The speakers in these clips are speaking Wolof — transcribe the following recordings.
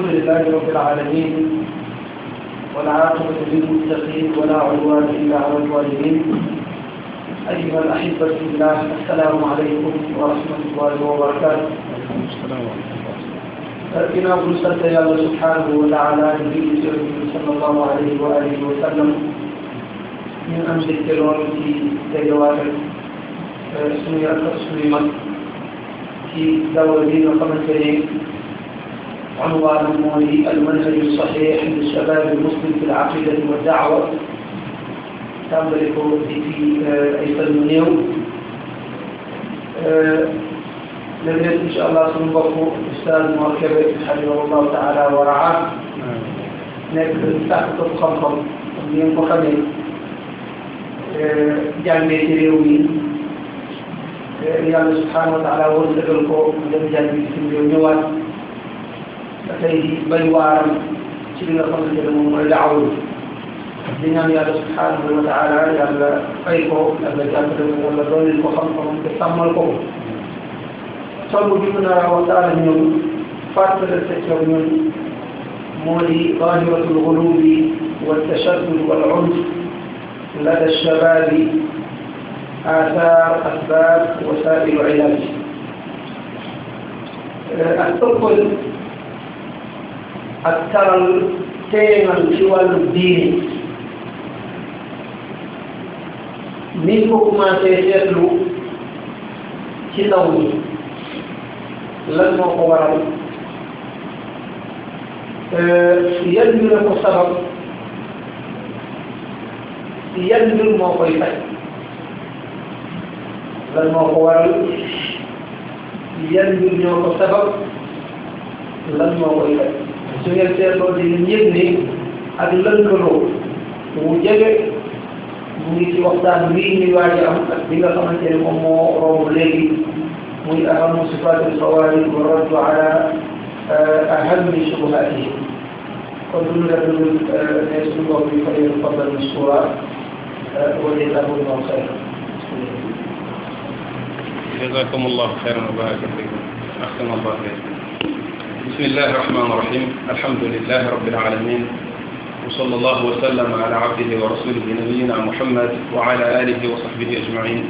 الحمد لله رب العالمين والعاقبة للمتقين ولا عدوان إلا على الظالمين أيها الأحبة في الله السلام عليكم ورحمة الله وبركاته ربنا برسلت يا الله سبحانه وتعالى نبي صلى الله عليه وآله وسلم من أمس الكرام في تجوار سنية سليمان في دولة دين وقمة كريم عنوان المولي المنهج الصحيح للشباب المسلم في العقيدة والدعوة تملك في أيضا اليوم لدينا إن شاء الله سنبقى أستاذ مركبة حفظه الله تعالى ورعاه nekk sàkk ko xam-xam ni nga ko xamee jàngee ci réew mi yàlla subhanahu wa taala war dëggal ko dem jàngi ci réew ñëwaat ba tey di bay ci li nga xamante ne moom mooy daaw di ñaan yàlla subhanahu wa taala yàlla fay ko yàlla jàppale ko wala dooleel ko xam-xamam te sàmmal ko tomb bi mu nar a waxtaan ak ñoom fàttali secteur ñoom moo di daahiratul xulubi wal tashaddud wal unf lada shababi athar asbab wasailu ilaaj ak ëppal ak taral teenal ci wàllu diine ni ko commencé seetlu ci ndaw ñi lan moo ko waral yan mbir la ko sabab yan mbir moo koy faj lan moo ko waral yan mbir ñoo ko sabab lan moo koy faj su ngeen seetloo di ñu yëg ni ak lëkkaloo bu jege mu ngi ci waxtaan bii ñuy waaj a am ak bi nga xamante ne moom moo romb léegi muy ahamu sifaat alfawaid wa raddu ala eh, ahami subhaatihi kon duñu def lu eh, ne suñu bopp bi fa leen fadal suura eh, wa jazakum allahu xayran jazakum allahu xayran wa baraka fikum ahsan allah بسم الله الرحمن الرحيم الحمد لله رب العالمين وصلى الله وسلم على عبده ورسوله نبينا محمد وعلى آله وصحبه أجمعين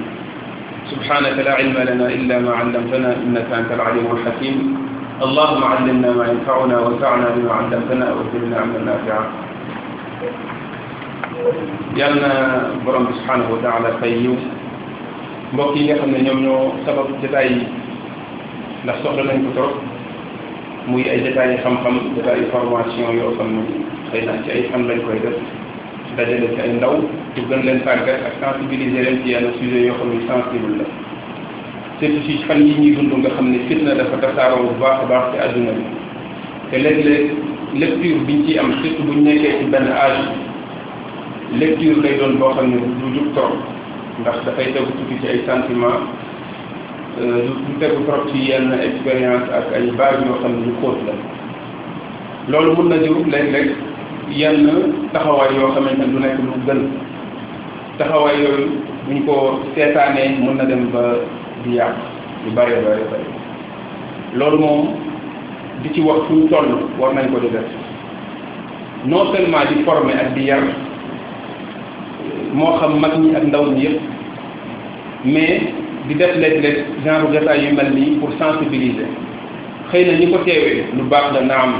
سبحانك لا علم لنا إلا ما علمتنا إنك أنت العليم الحكيم اللهم علمنا ما ينفعنا وانفعنا بما علمتنا وزدنا علما نافعا yàlla na borom bi subhanahu wa taala fay yiw mbokk yi nga xam ne ñoom ñoo sabab jotaay yi ndax soxla nañ ko trop muy ay détails yu xam-xam détails yu formation yoo xam ne xëy na ci ay fan lañ koy def dajale ci ay ndaw pour gën leen tàggat ak sensibiliser leen ci yenn sujet yoo xam ne sensible la surtout ci fan yi ñuy dund nga xam ne fitna dafa tasaaroo bu baax baax ci àdduna bi te léeg-léeg lecture biñ ciy am surtout buñ nekkee ci benn âge lecture lay doon boo xam ne du jub trop ndax dafay tegu tuuti ci ay sentiment lu tegu trop ci yenn expérience ak ay base yoo xam ne ñu xóot la loolu mun na jur léeg-léeg yenn taxawaay yoo xamante ne du nekk lu gën taxawaay yooyu buñ ko seetaanee mun na dem ba di yàq lu bare bare bare loolu moom di ci wax fuñ toll war nañ ko di def non seulement di former ak di yar moo xam mag ñi ak ndaw ñi yëpp mais di def léeg-léeg genre jotaay yu mel nii pour sensibiliser xëy na ñi ko teewee lu baax la naam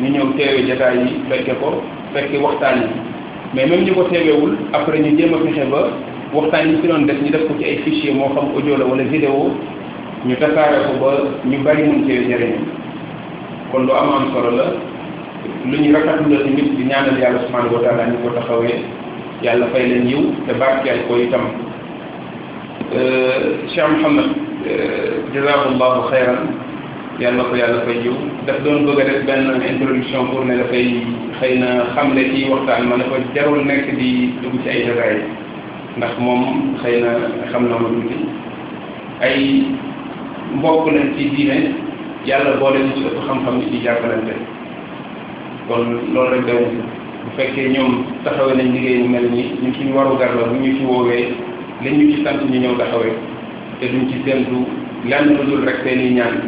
ñu ñëw teewee jotaay yi fekke ko fekke waxtaan yi mais même ñi ko teeweewul après ñu jéem a fexe ba waxtaan yi ci doon def ñu def ko ci ay fichier moo xam audio la wala vidéo ñu tasaare ko ba ñu bari mën cee jëriñu kon lu am am solo la lu ñu rafetlu la tamit di ñaanal yàlla subhanahu wa taala ñu ko taxawee yàlla fay leen yiw te barkeel ko tam Euh, Cheikh Mouhamed euh, jazakallahu xayran yal na ko yàlla fay jiw daf doon bëgg a def benn introduction pour ne dafay xëy na xamle ci waxtaan ma ne ko jarul nekk di dugg ci ay détails ndax moom xëy na xam na ma tuuti ay mbokk lañ ci diine yàlla boole ñu ci xam-xam yi di jàppalante kon loolu rek daw bu fekkee ñoom taxawee nañ liggéey mel nii ñu suñu waru gar la bu ñu ci woowee la ñu ci sant ñu ñëw taxawee te duñ ci séntu lenn lu dul rek seen i ñaan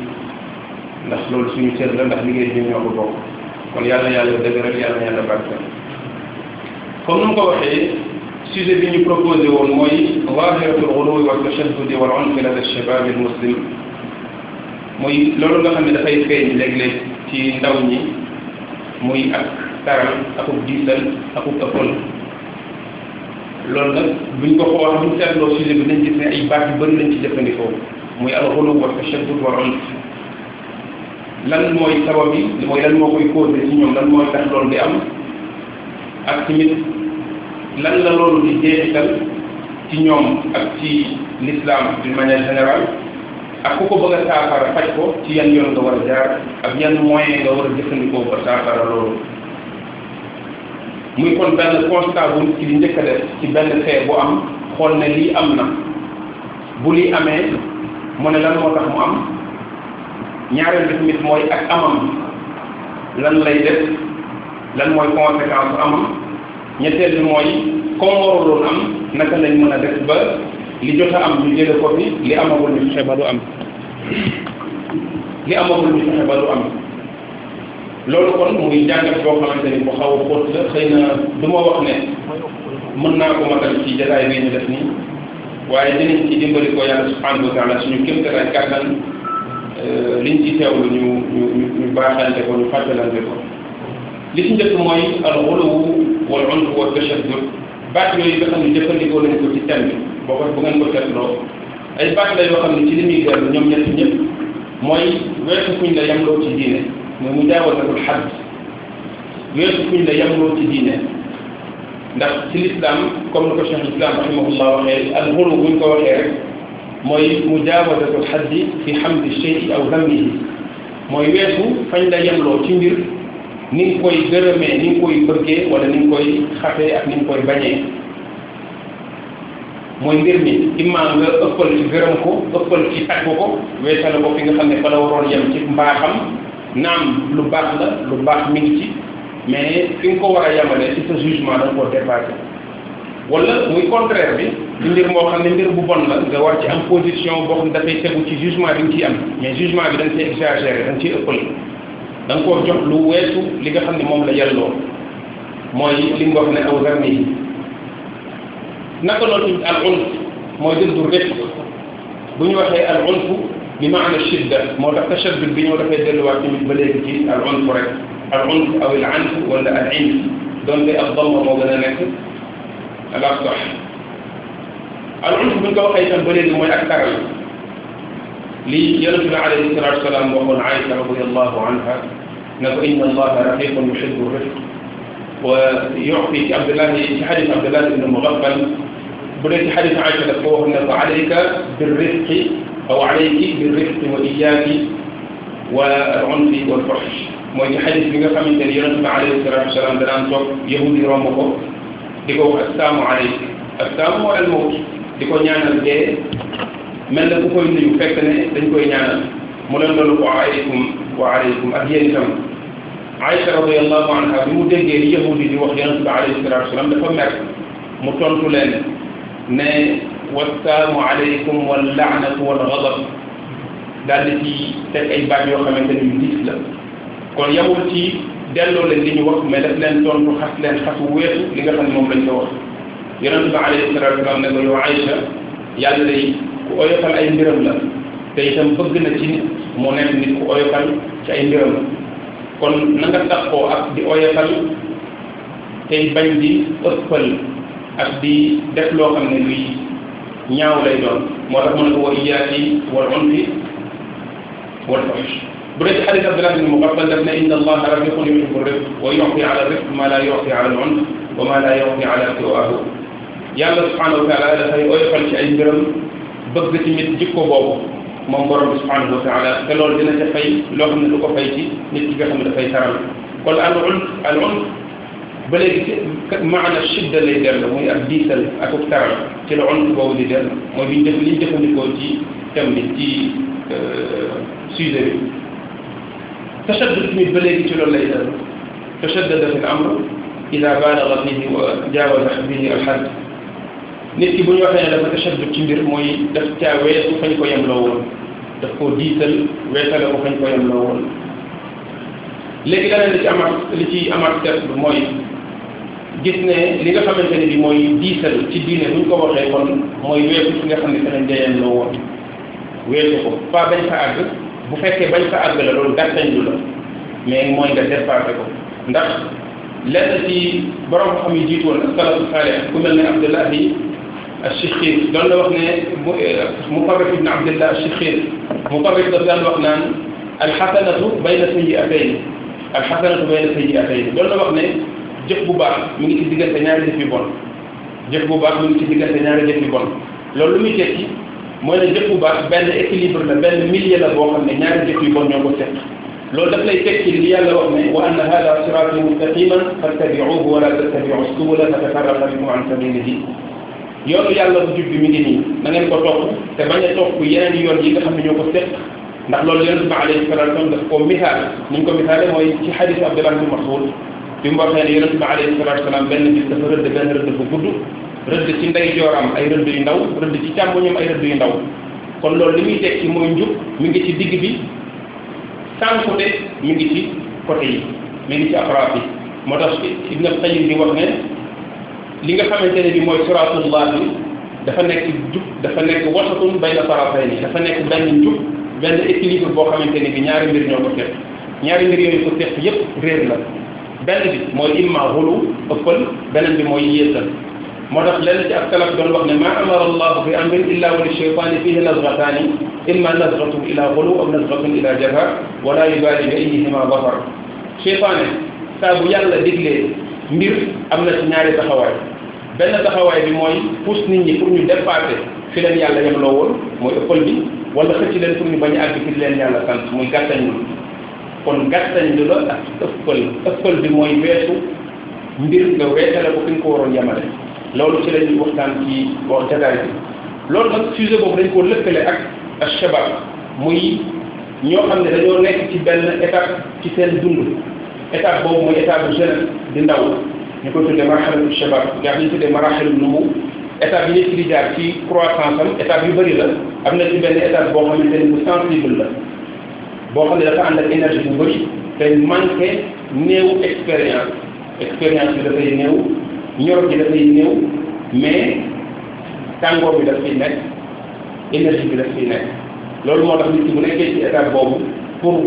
ndax loolu suñu cër la ndax liggéey bi ñoo ko bokk kon yàlla yàlla dëgëral yàlla na yàlla barke comme nu mu ko waxee sujet bi ñu proposé woon mooy zahiratul ghuluwi wa tashadudi wal unfi lada shabab al muslim muy loolu nga xam ne dafay feeñ léeg-léeg ci ndaw ñi muy ak taral akub diisal akub ëppal loolu nag buñ ko ko wax buñ seetloo sujet bi dañ gis ne ay baat yu bëri lañ ci jëfandikoo muy alxulu wa tashaddud wa unf lan mooy sabab yi lan moo koy causé ci ñoom lan mooy tax loolu di am ak tamit lan la loolu di jeexital ci ñoom ak ci l'islam d'une manière générale ak ku ko bëgg saafara faj ko ci yan yoon nga war a jaar ak yan moyen nga war a jëfandikoo ba saafara loolu muy kon benn constat bu nit ki di njëkk a def ci benn fee bu am xool ne lii am na bu lii amee mu ne lan moo tax mu am ñaareel bi tamit mooy ak amam lan lay def lan mooy conséquence amam ñetteel bi mooy am naka lañ mën a def ba li jot a am ñu jële ko fi li amagul ñu fexe ba am li amagul ñu fexe ba am loolu kon muy jàngat boo xamante ni bu xaw a xóot la xëy na du ma wax ne mën naa ko matal ci jataay bi ñu def nii waaye dinañ ci dimbali ko yàlla subhanahu wa taala suñu kéem tolluwaay kàttan euh, liñ ci teewlu ñu ñu ñu ñu baaxante ko ñu fàttalante ko li ci njëkk mooy alxuluwu wal unf wa tashaddud baat yooyu nga xam ne jëfandikoo nañ ko ci thème bi booba bu ngeen ko seetloo ay baat la yoo xam ne ci li muy dellu ñoom ñett ñëpp mooy weesu fuñ la yemloo mooy mu jaawasatul xadd weesu fuñ la yamloo ci diine ndax ci lislaam comme ni ko cheikh lislaam rahimahullah waxee al xulu buñ ko waxee rek mooy mu jaawasatul xaddi fi xamdi shey aw zammihi mooy weesu fañ la yemloo ci mbir ni nga koy gërëmee ni nga koy bëggee wala ni nga koy xafee ak ni koy bañee mooy mbir mi nga ëppal gërëm ko ëppal ci tagg ko weesale ko fi nga xam ne fa la waroon yem ci mbaaxam naam lu baax la lu baax mi ngi ci mais fi nga ko war a yamale si sa jugement da nga koo dépassé wala muy contraire bi ci mbir moo xam ne mbir bu bon la nga war ci am position boo xam ne dafay tegu ci jugement bi nga ciy am mais jugement bi da nga ciy koo jox lu weesu li nga xam ne moom la yelloo mooy li nga wax ne aw garni yi naka loolu al unf mooy dëddu rek bu ñu waxee al unf li maana shidda moo tax tashaddud bi ñoo dafay delluwaat tamit ba léegi ci al unf rek al unf aw al anf wala al inf donte ab damma moo gën a nekk la sax al unf bu ñu ko waxee itam ba léegi mooy ak taral li yonente bi alayhi salatu wasalaam waxoon Aïcha radiallahu anha ne ko inna allaha rafiqun yuhibbu rifq wa yu'ti ci Abdullahi ci xadis Abdullahi ibn Mughaffal bu dee ci xadis Aïcha daf ko waxoon ne ko alayka birrifqi aw alayki bi rifqi wa iyaaki wa al unfi wal faxsh mooy ci xadis bi nga xamante ni yonente bi alayhi salatu wasalaam danaan toog yahud yi romb ko di ko wax assalaamu alayki assalaamu wal mawt di ko ñaanal dee mel na ku koy nuyu fekk ne dañ koy ñaanal mu leen loolu ko alaykum wa alaykum ak yéen itam Aïcha radiallahu anha bi mu déggee li yahud yi di wax yonente bi alayhi salatu wasalaam dafa mer mu tontu leen ne wassaamu aleykum wal laanatu wal gadab daal di ci teg ay baat yoo xamante ni diis la kon yamul ci delloo leen li ñu wax mais daf leen tontu xas leen xasu wéetu li nga xam ne moom lañ ko wax yonent bi alayhi salatu wasalaam ne ko yow Aïcha yàlla day ku oyofal ay mbiram la te itam bëgg na ci nit mu nekk nit ku oyofal ci ay mbiram la kon na nga taxoo ak di oyofal tey bañ di ëppal ak di def loo xam ne luy ñaaw lay doon moo tax mu ne ko wa iyaaki wal unfi wal fahish bu dee ci xadis Abdullah bin Mugaffal daf ne inna allaha rafiqun yuhibu rifq wa yuxfi ala rifq ma la yuxfi ala al unf wa ma la yuxfi ala siwaahu yàlla subhanahu wa taala dafay oyofal ci ay mbiram bëgg ci mit jikko boobu moom borom bi subhanahu wa taala te loolu dina ca fay loo xam ne du ko fay ci nit ki nga xam ne dafay taral kon al unf al unf ba léegi ci maana shidda lay dellu ak diisal ak ak ci la on boobu di dellu mooy bi ñu def li ñu jëfandikoo ci thème bi ci euh, sujet bi tashaddud tamit ci loolu lay dellu tashaddada fi l-amr ida baalaga fihi wa nit ki bu ñu waxee ne dafa tashaddud ci mbir mooy daf caa weesu fañ ko yemloo woon daf koo diisal weesale ko fañ ko yemloo woon léegi leneen li ci amaat mooy. gis ne li nga xamante ne bi mooy diisal ci diine bu ñu ko waxee kon mooy weesu fi nga xam ne fi lañ dayeen loo woon weesu ko pas bañ fa àgg bu fekkee bañ fa àgg la loolu gàttañ lu la mais mooy nga dépassé ko ndax lenn ci borom xam yi jiitu woon salafu salih ku mel ne abdullah yi Shikhir doon la wax ne mu eh, Muqarrib ibn Abdillah Shikhir Muqarrib daf daan wax naan alxasanatu bayna sayyi'atayn alxasanatu bayna sayyi'atayn doon la wax ne jëf bu baax mi ngi ci diggante ñaari jëf yu bon jëf bu baax mi ngi ci diggante ñaari jëf yu bon loolu lu tekki mooy ne jëf bu benn équilibre la benn milieu la boo xam ne ñaari jëf yu bon ñoo ko seq loolu daf lay tekki li yàlla wax ne wa anna hada sirati mustaqiman fattabiuhu wala tattabiu subula fatafarraqa bikum an sabilihi yoonu yàlla bu jub bi mi ngi nii na ngeen ko te bañ a topp yeneen yoon yi nga xam ne ñoo ko seq ndax loolu yonent bi alayhi salatu wasalam daf ko misaal ni ñu ko bi mu waxee ne yonente bi alayhi salatu wasalaam benn bis dafa rëdd benn rëdd bu gudd rëdd ci ndey jooram ay rëdd yu ndaw rëdd ci càmmoñam ay rëdd yu ndaw kon loolu li muy tekki mooy njub mi ngi ci digg bi sànkute mi ngi ci côté yi mu ngi ci afraat bi moo tax Ibn Qayyim bi wax ne li nga xamante ne bi mooy siraatullah bi dafa nekk jub dafa nekk wasatun bayna tarafayni dafa nekk benn njub benn équilibre boo xamante ne bi ñaari mbir ñoo ko ñaari mbir yooyu ko seq benn bi mooy imma xulu ëppal beneen bi mooy yéesal moo tax lenn a ak salaf doon ne ma amara allahu bi amrin illa wa li cheytaani fihi nazrataani imma nazratun ila xulu aw nazratun ila jabha wala yubaali bi ayihima basar cheytaane saa bu yàlla diglee mbir am na ci ñaari taxawaay benn taxawaay bi mooy pousse nit ñi pour ñu dépasser fi leen yàlla yemloo woon mooy ëppal bi wala xëcc leen pour ñu bañ a àgg fi leen yàlla sant muy kon gàttañ la ak ëppal ëppal bi mooy weesu mbir nga weesale ko fi nga ko waroon yamale loolu ci lañuy waxtaan ci wax jataay bi loolu nag sujet boobu dañ koo lëkkale ak ak shabab muy ñoo xam ne dañoo nekk ci benn étape ci seen dund étape boobu mooy étape bu jeune di ndaw ñu koy tuddee marxalatu shabab nga xam ne tuddee marxalatu numu étape yi nit ki di jaar ci croissance am étape yu bëri la am na ci benn étape boo xamante ne bu sensible la boo xam ne dafa ànd ak énergie bu bëri te manqué néew expérience expérience bi dafay néew ñor bi dafay néew mais tàngoor bi daf fiy nekk énergie bi daf nekk loolu moo tax nit ki bu nekkee ci boobu pour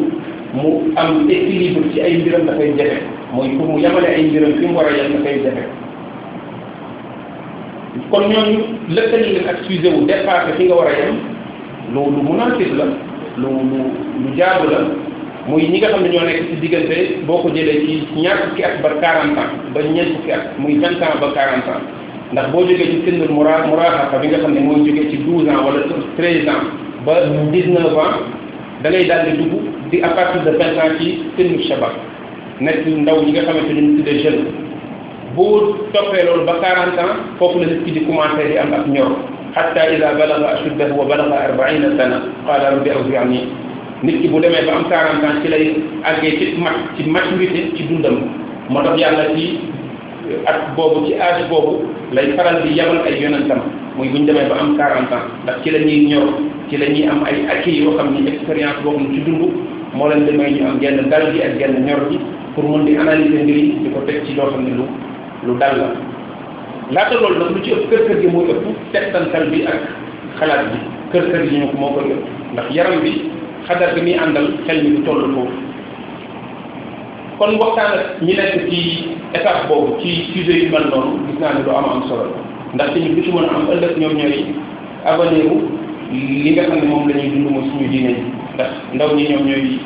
mu am équilibre ci ay mbiram dafay jafe mooy pour mu yamale ay mbiram fi mu war a yem dafay jafe kon ñooñu lëkkali leen ak sujet wu dépassé fi nga war a yem loolu munasib la lu lu jaabu la muy ñi nga xam ne ñoo nekk ci diggante boo ko jëlee ci ñaar ki at ba 40 ans ba ñeent fukki at muy 20 ans ba 40 ans ndax boo jógee ci sënnul mura muraaxaqa bi nga xam ne mooy jógee ci 12 ans wala 13 ans ba 19 ans da ngay daal di di à partir de 20 ans ci sënnul shabab nekk ndaw ñi nga xamante ni ñu de jeune boo toppee loolu ba 40 ans foofu la nit di commencé di am ak ñor. xatta ida balaga ashuddahu wa balaga arbaina sana qala rabbi awzi'ni nit ki bu demee ba am 40 ans ci lay àggee ci mat ci maturité ci dundam moo tax yàlla ci at boobu ci âge boobu lay faral di yabal ay yonentam muy bu ñu demee ba am 40 ans ndax ci la ñuy ñor ci la ñuy am ay acquis yoo xam ni expérience boo xam ci dund moo leen demee ñu am genn dal gi ak genn ñor gi pour mën di analyser mbir yi di ko teg ci loo xam ne lu lu dal la. laata loolu nag lu ci ëpp kër kër gi moo ëpp settantal bi ak xalaat bi kër kër gi ñu ko moo koy ëpp ndax yaram bi xadar bi muy àndal xel mi du toll foofu kon waxtaan ak ñi nekk ci étape boobu ci sujet yu mel noonu gis naa ne du am am solo ndax te ñu lu ci mën a am ëllëg ñoom ñooy avenir li nga xam ne moom lañuy dund mooy suñu diine yi ndax ndaw ñi ñoom ñooy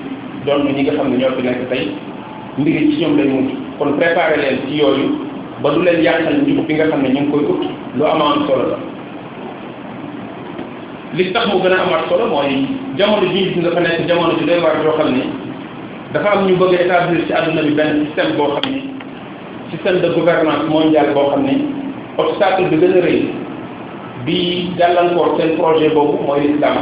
doon ñi nga xam ne ñoo fi nekk tey mbiri ci ñoom lay mujj kon préparé leen ci yooyu ba du leen yàqal njub bi nga xam ne ñu ngi koy ut lu ama am solo la li tax mu gën a amaat solo mooy jamono ji gis nga fa nekk jamono ji doy waar yoo xam ni dafa am ñu bëgg a ci àdduna bi benn système boo xam ni système de gouvernance mondiale boo xam ne obstacle bi gën a rëy bi gàllankoor seen projet boobu mooy l'islam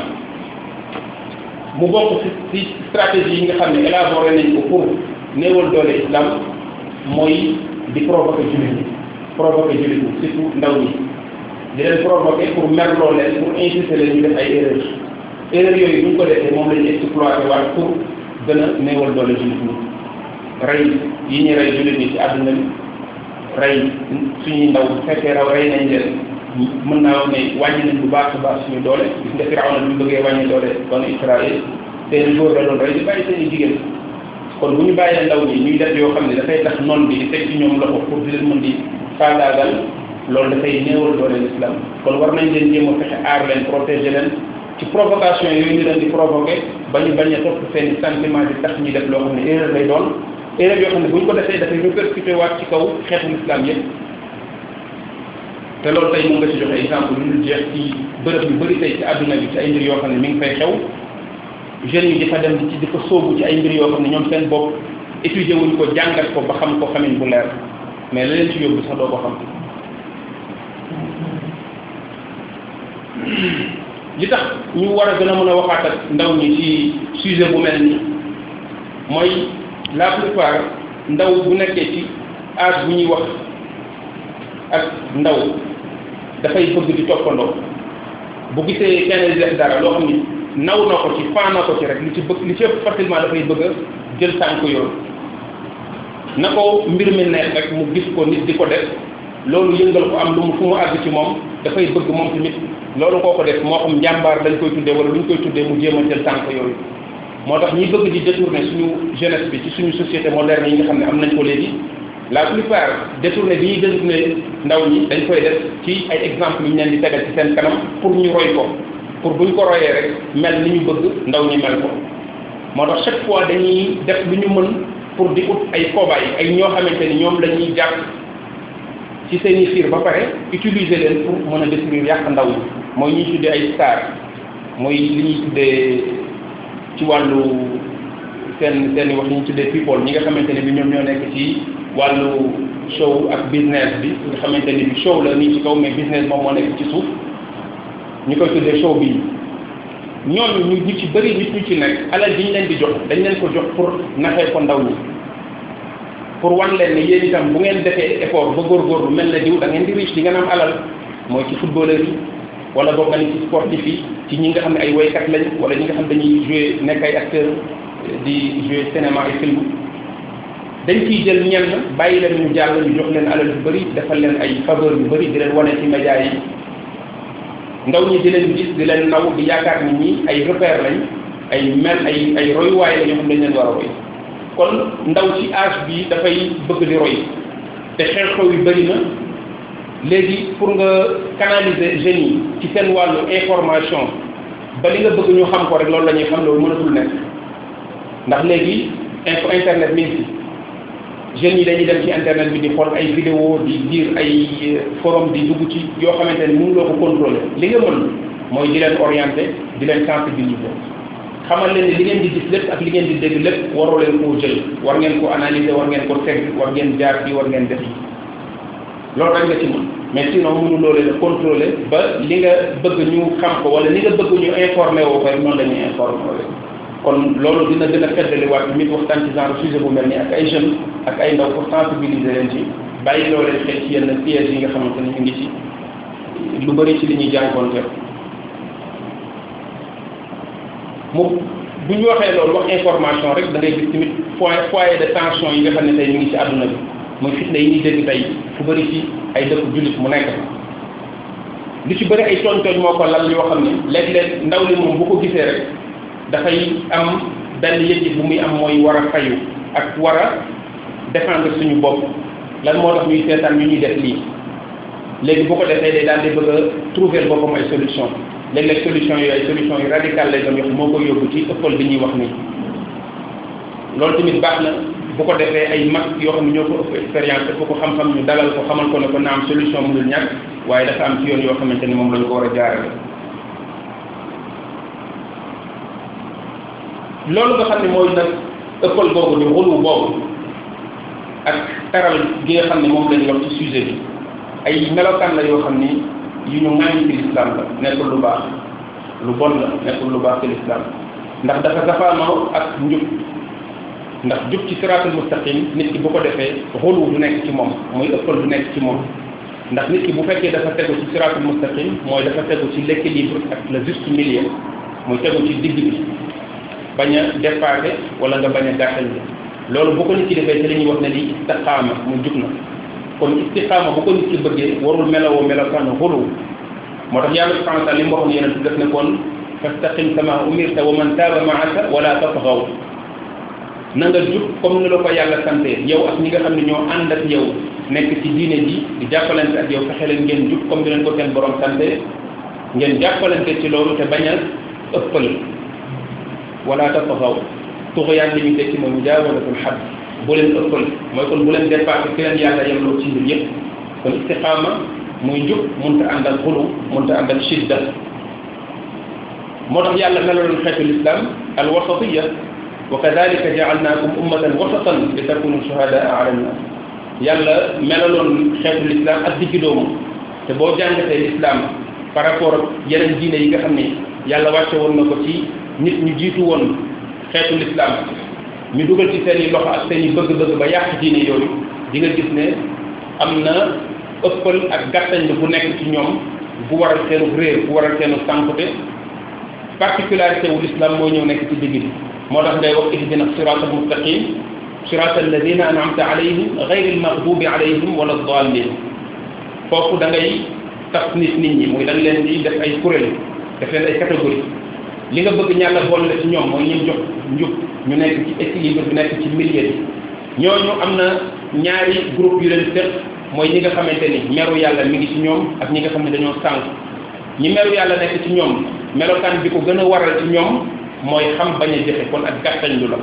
mu bokk ci ci stratégie yi nga xam ne élaboré nañ ko pour néewal doole islam mooy di provoqué jullit ñi provoqué jullit ñi surtout ndaw ñi di leen provoqué pour merloo leen pour insister leen ñu def ay erreurs erreurs yooyu bu ko defee moom la ñu exploité waat pour gën a néewal doole jullit ñi rey yi ñuy rey jullit ñi ci àdduna bi rey suñuy ndaw bu fekkee raw rey nañ leen mën naa wax ne wàññi nañ bu baax a baax suñu doole gis nga Firawna bi mu bëggee wàññi doole banu Israël seen góor la doon rey di bàyyi seen i jigéen kon bu ñu bàyyee ndaw ñi ñuy def yoo xam ne dafay tax noon bi di teg ci ñoom loxo pour di leen mën di faagaagal loolu dafay néewal doole l'islam kon war nañ leen jéem a fexe aar leen protéger leen ci provocation yooyu ñu leen di provoqué ba ñu bañ a topp seen sentiment di tax ñu def loo xam ne erreur lay doon erreur yoo xam ne bu ñu ko defee dafay répercuté waat ci kaw xeetu l'islam yëpp te loolu tey mën nga ci joxe exemple lu dul jeex ci bërëb yu bëri tey ci àdduna bi ci ay mbir yoo xam ne mi ngi fay xew jeunes yi di fa dem di ko sóobu ci ay mbir yoo xam ne ñoom seen bopp étudier wuñ ko jàngat ko ba xam ko xamin bu leer mais la leen ci yóbbu sax doo ko xam li tax ñu war a gën a mën a waxaat ak ndaw ñi ci sujet bu mel nii mooy la plupart ndaw bu nekkee ci âge bu ñuy wax ak ndaw dafay bëgg di toppandoo bu gisee kenn def dara loo xam ne naw na ko ci fan na ko ci rek li ci bëgg li ci ëpp facilement dafay bëgg a jël tànk yoon na ko mbir mi neex rek mu gis ko nit di ko def loolu yëngal ko am lu mu fu àgg ci moom dafay bëgg moom tamit loolu koo ko def moo xam njàmbaar dañ koy tuddee wala lu ñu koy tuddee mu jéem jël tànk yooyu moo tax ñi bëgg di détourner suñu jeunesse bi ci suñu société moderne yi nga xam ne am nañ ko léegi la plupart détourné bi ñuy détourné ndaw ñi dañ koy def ci ay exemple yu ñu leen di tegal ci pour ñu roy ko pour buñ ko royee rek mel ni ñu bëgg ndaw ñi mel ko moo tax chaque fois dañuy def lu ñu mën pour di ut ay cobaye ay ñoo xamante ni ñoom la ñuy jàpp ci seen i fiir ba pare utiliser leen pour mën a détruire yàq ndaw ñi mooy ñu tuddee ay star mooy li ñuy tuddee ci wàllu seen seen i wax ñuy tuddee people ñi nga xamante ne bi ñoom ñoo nekk ci wàllu show ak business bi nga xamante ne bi show la nii ci kaw mais business moom moo nekk ci suuf ñu koy tuddee show bii ñooñu ñu ñu ci bari ñu ci nekk alal ji ñu leen di jox dañ leen ko jox pour naxee ko ndaw ñi pour wan leen ne yéen itam bu ngeen defee effort ba góorgóorlu mel na diw da ngeen di riche di ngeen am alal mooy ci footballeur yi wala boog nga ne ci sportif yi ci ñi nga xam ne ay woykat lañ wala ñi nga xam dañuy jouer nekk ay acteur di jouer cinéma et film dañ ciy jël ñenn bàyyi leen ñu jàll ñu jox leen alal yu bari defal leen ay faveur yu bëri di leen wane ci média yi ndaw ñi di leen gis di leen naw di yaakaar ni ñi ay repère lañ ay mel ay ay royuwaay la ñoo xam dañ leen war a roy kon ndaw ci âge bi dafay bëgg di roy te xew-xew yu bëri na léegi pour nga canaliser jeunes yi ci seen wàllu information ba li nga bëgg ñu xam ko rek loolu la ñuy xam loolu mënatul nekk ndax léegi info internet mi jeunes yi dañuy dem ci internet bi di xool ay vidéo di diir ay euh, forum di dugg ci yoo xamante ne mënuloo ko contrôler li nga mën mooy leen orienter di leen sensibiliser xamal leen li ngeen di gis ak li ngeen di dégg lépp waroo leen koo jël war ngeen ko analyser war ngeen ko teg war ngeen jaar fii war ngeen def yi loolu rek nga ci mën mais sinon mënuloo leen a contrôler ba li nga bëgg ñu xam ko wala li nga bëgg ñu informer woo ko rek noonu la ñuy informer kon loolu dina gën a feddaliwaat tamit waxtaan ci genre sujet bu mel nii ak ay jeunes ak ay ndaw pour sensibiliser leen ci bàyyi loo leen xel ci yenn pièges yi nga xamante ne ñu ngi ci lu bari ci li ñuy jànkoonte mu bu ñu waxee loolu wax information rek da ngay gis tamit foyer foyer de tension yi nga xam ne tey ñu ngi ci àdduna bi muy fitna yi ñuy dégg tey fu bëri ci ay dëkk jullit mu nekk lu ci bëri ay tooñ tooñ moo ko lal yoo xam ne léeg-léeg ndaw li moom bu ko gisee rek dafay am benn yëg bu muy am mooy war a fayu ak war a défendre suñu bopp lan moo tax ñuy seetaan ñu ñuy def lii léegi boo ko defee day daal di bëgg a trouver boppam ay solution léeg-léeg solution yooyu ay solution yu radical lay doon wax moo ko yóbbu ci ëppal bi ñuy wax nii loolu tamit baax na bu ko defee ay mag yoo xam ne ñoo ko ëpp expérience ëpp ko xam-xam ñu dalal ko xamal ko ne ko naam solution mënul ñàkk waaye dafa am ci yoon yoo xamante ni moom la ñu war a jaarale loolu doo xam ne mooy nag ëppal boobu ni xulu boobu ak taral gi nga xam ne moom lañ wax ci sujet bi ay melokaan la yoo xam ni yu ñu ŋàññ ci lislaam la nekkul lu baax lu bon la nekkul lu baax ci lislaam ndax dafa safaanoo ak njub ndax jub ci siraatul mustaqim nit ki bu ko defee xulu du nekk ci moom mooy ëppal bu nekk ci moom ndax nit ki bu fekkee dafa tegu ci siraatul mustaqim mooy dafa tegu ci l'équilibre ak le juste milieu muy tegu ci digg bi bañ a dépassé wala nga bañ a gàttal loolu bu ko nit ki defee ci li ñuy wax ne li istiqaama mu jug na kon istiqaama bu ko nit ki bëggee warul melawoo melokaan xuluw moo tax yàlla subhanahu li mu waxoon yonent def ne kon fastaqim kama umirta wa man taaba maaka wala tatxaw na nga jub comme ni la ko yàlla sante yow ak ñi nga xam ne ñoo ànd ak yow nekk ci diine ji di jàppalante ak yow fexe leen ngeen jub comme di leen ko seen borom sante ngeen jàppalante ci loolu te bañ a ëppal wala tattaxaw tuxuyaan li ñu tekki mooy mujaawalatul xad bu leen ëppal mooy kon bu leen dépassé fi leen yàlla yemloo ci mbir yëpp kon istiqaama muy njub mënta ànd ak xulu mënta ànd ak shidda moo tax yàlla melaloon xeetu lislaam al wasatiya wa kadalika jaalnaakum ummatan wasatan li takunu shuhadaa ala nnas yàlla melaloon xeetu lislaam ak diggi doomu te boo jàngatee lislaam par rapport ak yeneen diine yi nga xam ne yàlla wàcce woon na ko ci nit ñu jiitu woon xeetu lislaam ñu dugal ci seen i loxo ak seen bëgg-bëgg ba yàq diine yooyu di nga gis ne am na ëppal ak gàttañ bu nekk ci ñoom bu waral seenu réer bu waral seenu sànkute particularité wu l'islam moo ñëw nekk ci digg moo tax day wax ihdina siraatal mustaqim siraatal ladina an'amta alayhim ghayril maghdubi alayhim wala dallin foofu da tasnif nit ñi muy dañ leen di def ay kuréel def leen ay catégorie li nga bëgg ñàlla boole la ci ñoom mooy ñu jox njub ñu nekk ci équilibre bi nekk ci milieu bi ñu am na ñaari groupe yu leen tëx mooy ñi nga xamante ni meru yàlla mi ngi ci ñoom ak ñi nga xam ne dañoo sànq ñi meru yàlla nekk ci ñoom melokaan bi ko gën a waral ci ñoom mooy xam bañ a jëfe kon ak gàttañ lu la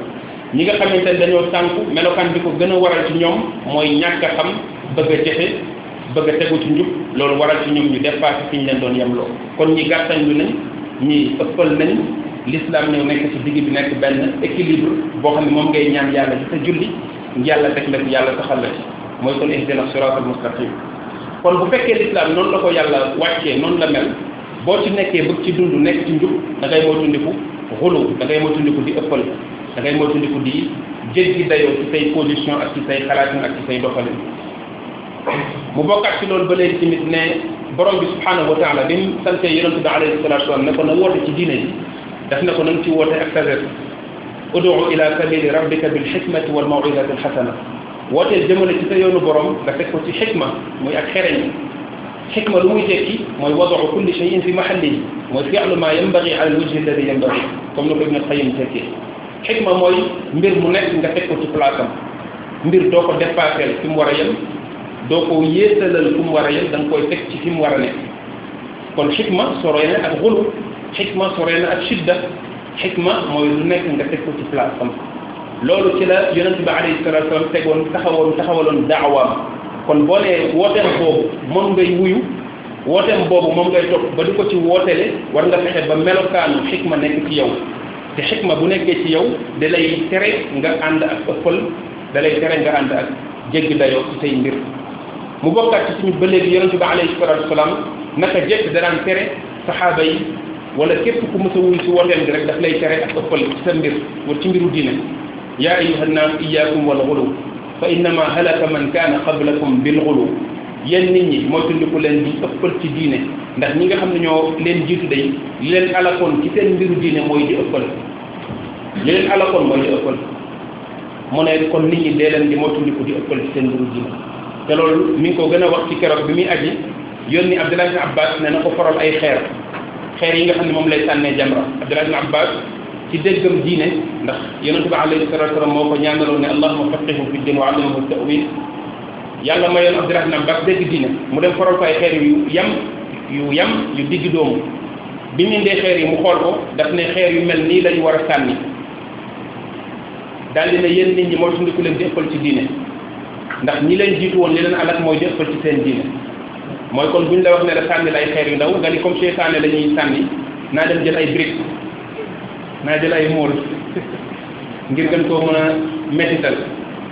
ñi nga xamante ni dañoo sànq melokaan bi ko gën a waral ci ñoom mooy ñàkk a xam bëgg bëgg a loolu waral ci ñoom ñu dépassé fi ñu leen doon yemloo kon ñi gàttañ lu nañ ñi ëppal nañ l'islam ñëw nekk ci digg bi nekk benn équilibre boo xam ne moom ngay ñaan yàlla ci sa julli yàlla teg la ci yàlla saxal la ci mooy kon ihdina siratal mustaqim kon bu fekkee l'islam noonu la ko yàlla wàccee noonu la mel boo ci nekkee bëgg ci dund nekk ci njub da ngay moytandiku xulu da ngay moytandiku di ëppal dangay ngay moytandiku di jéggi dayoo ci say position ak ci say xalaatin ak ci mu bokkat ci loolu ba léegi tamit ne borom bi subhanahu wa taala bi mu sante yonente bi alayhi salatu wasalam ne ko na woote ci diine ji daf ne ko na nga ci woote ak sagesse ud'u ila sabili rabbika bil hikmati wal maw'izati al hasana wooteel jëmale ci sa yoonu borom nga teg ko ci xikma muy ak xereñ xikma lu muy tekki mooy wadu kulli shay'in fi mahallihi mooy fi'lu ma yanbaghi ala al wajhi alladhi yanbaghi comme ni ko Ibn Qayyim tekkee mooy mbir mu nekk nga teg ko ci place am mbir doo ko dépassé fi mu war a yem doo ko yéesalal fu war a yem da nga koy teg ci fi war a nekk kon xikma soree na ak xulu xikma soree ak shidda xikma mooy lu nekk nga teg ko ci place am loolu ci la yonent bi alayhi salatu wasalam tegoon taxawoon taxawaloon daawaam kon boo nee wooteem boobu moom ngay wuyu wooteem boobu moom ngay topp ba di ko ci wootele war nga fexe ba melokaanu xikma nekk ci yow te xikma bu nekkee ci yow da lay tere nga ànd ak ëppal da lay tere nga ànd ak jégg dayoo mu bokkaat ci tamit ba léegi yonente bi alayhi salatu wasalaam naka jekk danaan tere saxaaba yi wala képp ku mës a wuy si wooteen rek daf lay tere ak ëppal ci sa mbir war ci mbiru diine yaa ayuha nnaas wal xulu fa innama halaka man kaana qablakum bil xulu yéen nit ñi mooy tundiku leen di ëppal ci ndax ñi nga xam ne ñoo leen jiitu day li leen alakoon ci seen mbiru diine mooy di ëppal li leen alakoon mooy di ëppal mu ne kon nit ñi dee leen di mooy di ëppal ci seen mbiru te loolu mi ngi ko gën a wax ci keroog bi muy aji yónni Abdullah ibn Abbas ne na ko faral ay xeer xeer yi nga xam ne moom lay sànnee jamra Abdullah ibn Abbas ci déggam diine ndax yonente bi alayhi salatu wasalam moo ko ñaanaloon ne allahuma faqihu fi din wa allamahu tawil yàlla mayoon Abdullah ibn Abbas dégg diine mu dem faral ko ay xeer yu yam yu yam yu digg doomu bi mu indee xeer yi mu xool ko daf ne xeer yu mel nii lañu war a sànni daal di ne yéen nit ñi mooy tundiku leen di ëppal ci diine ndax ñi leen jiitu woon li leen alak mooy def ci seen diine mooy kon bu ñu la wax ne la sànni la ay xeer yu ndaw nga ni comme la ñuy sànni naa dem jël ay briques naa jël ay mool ngir gën koo mën a métital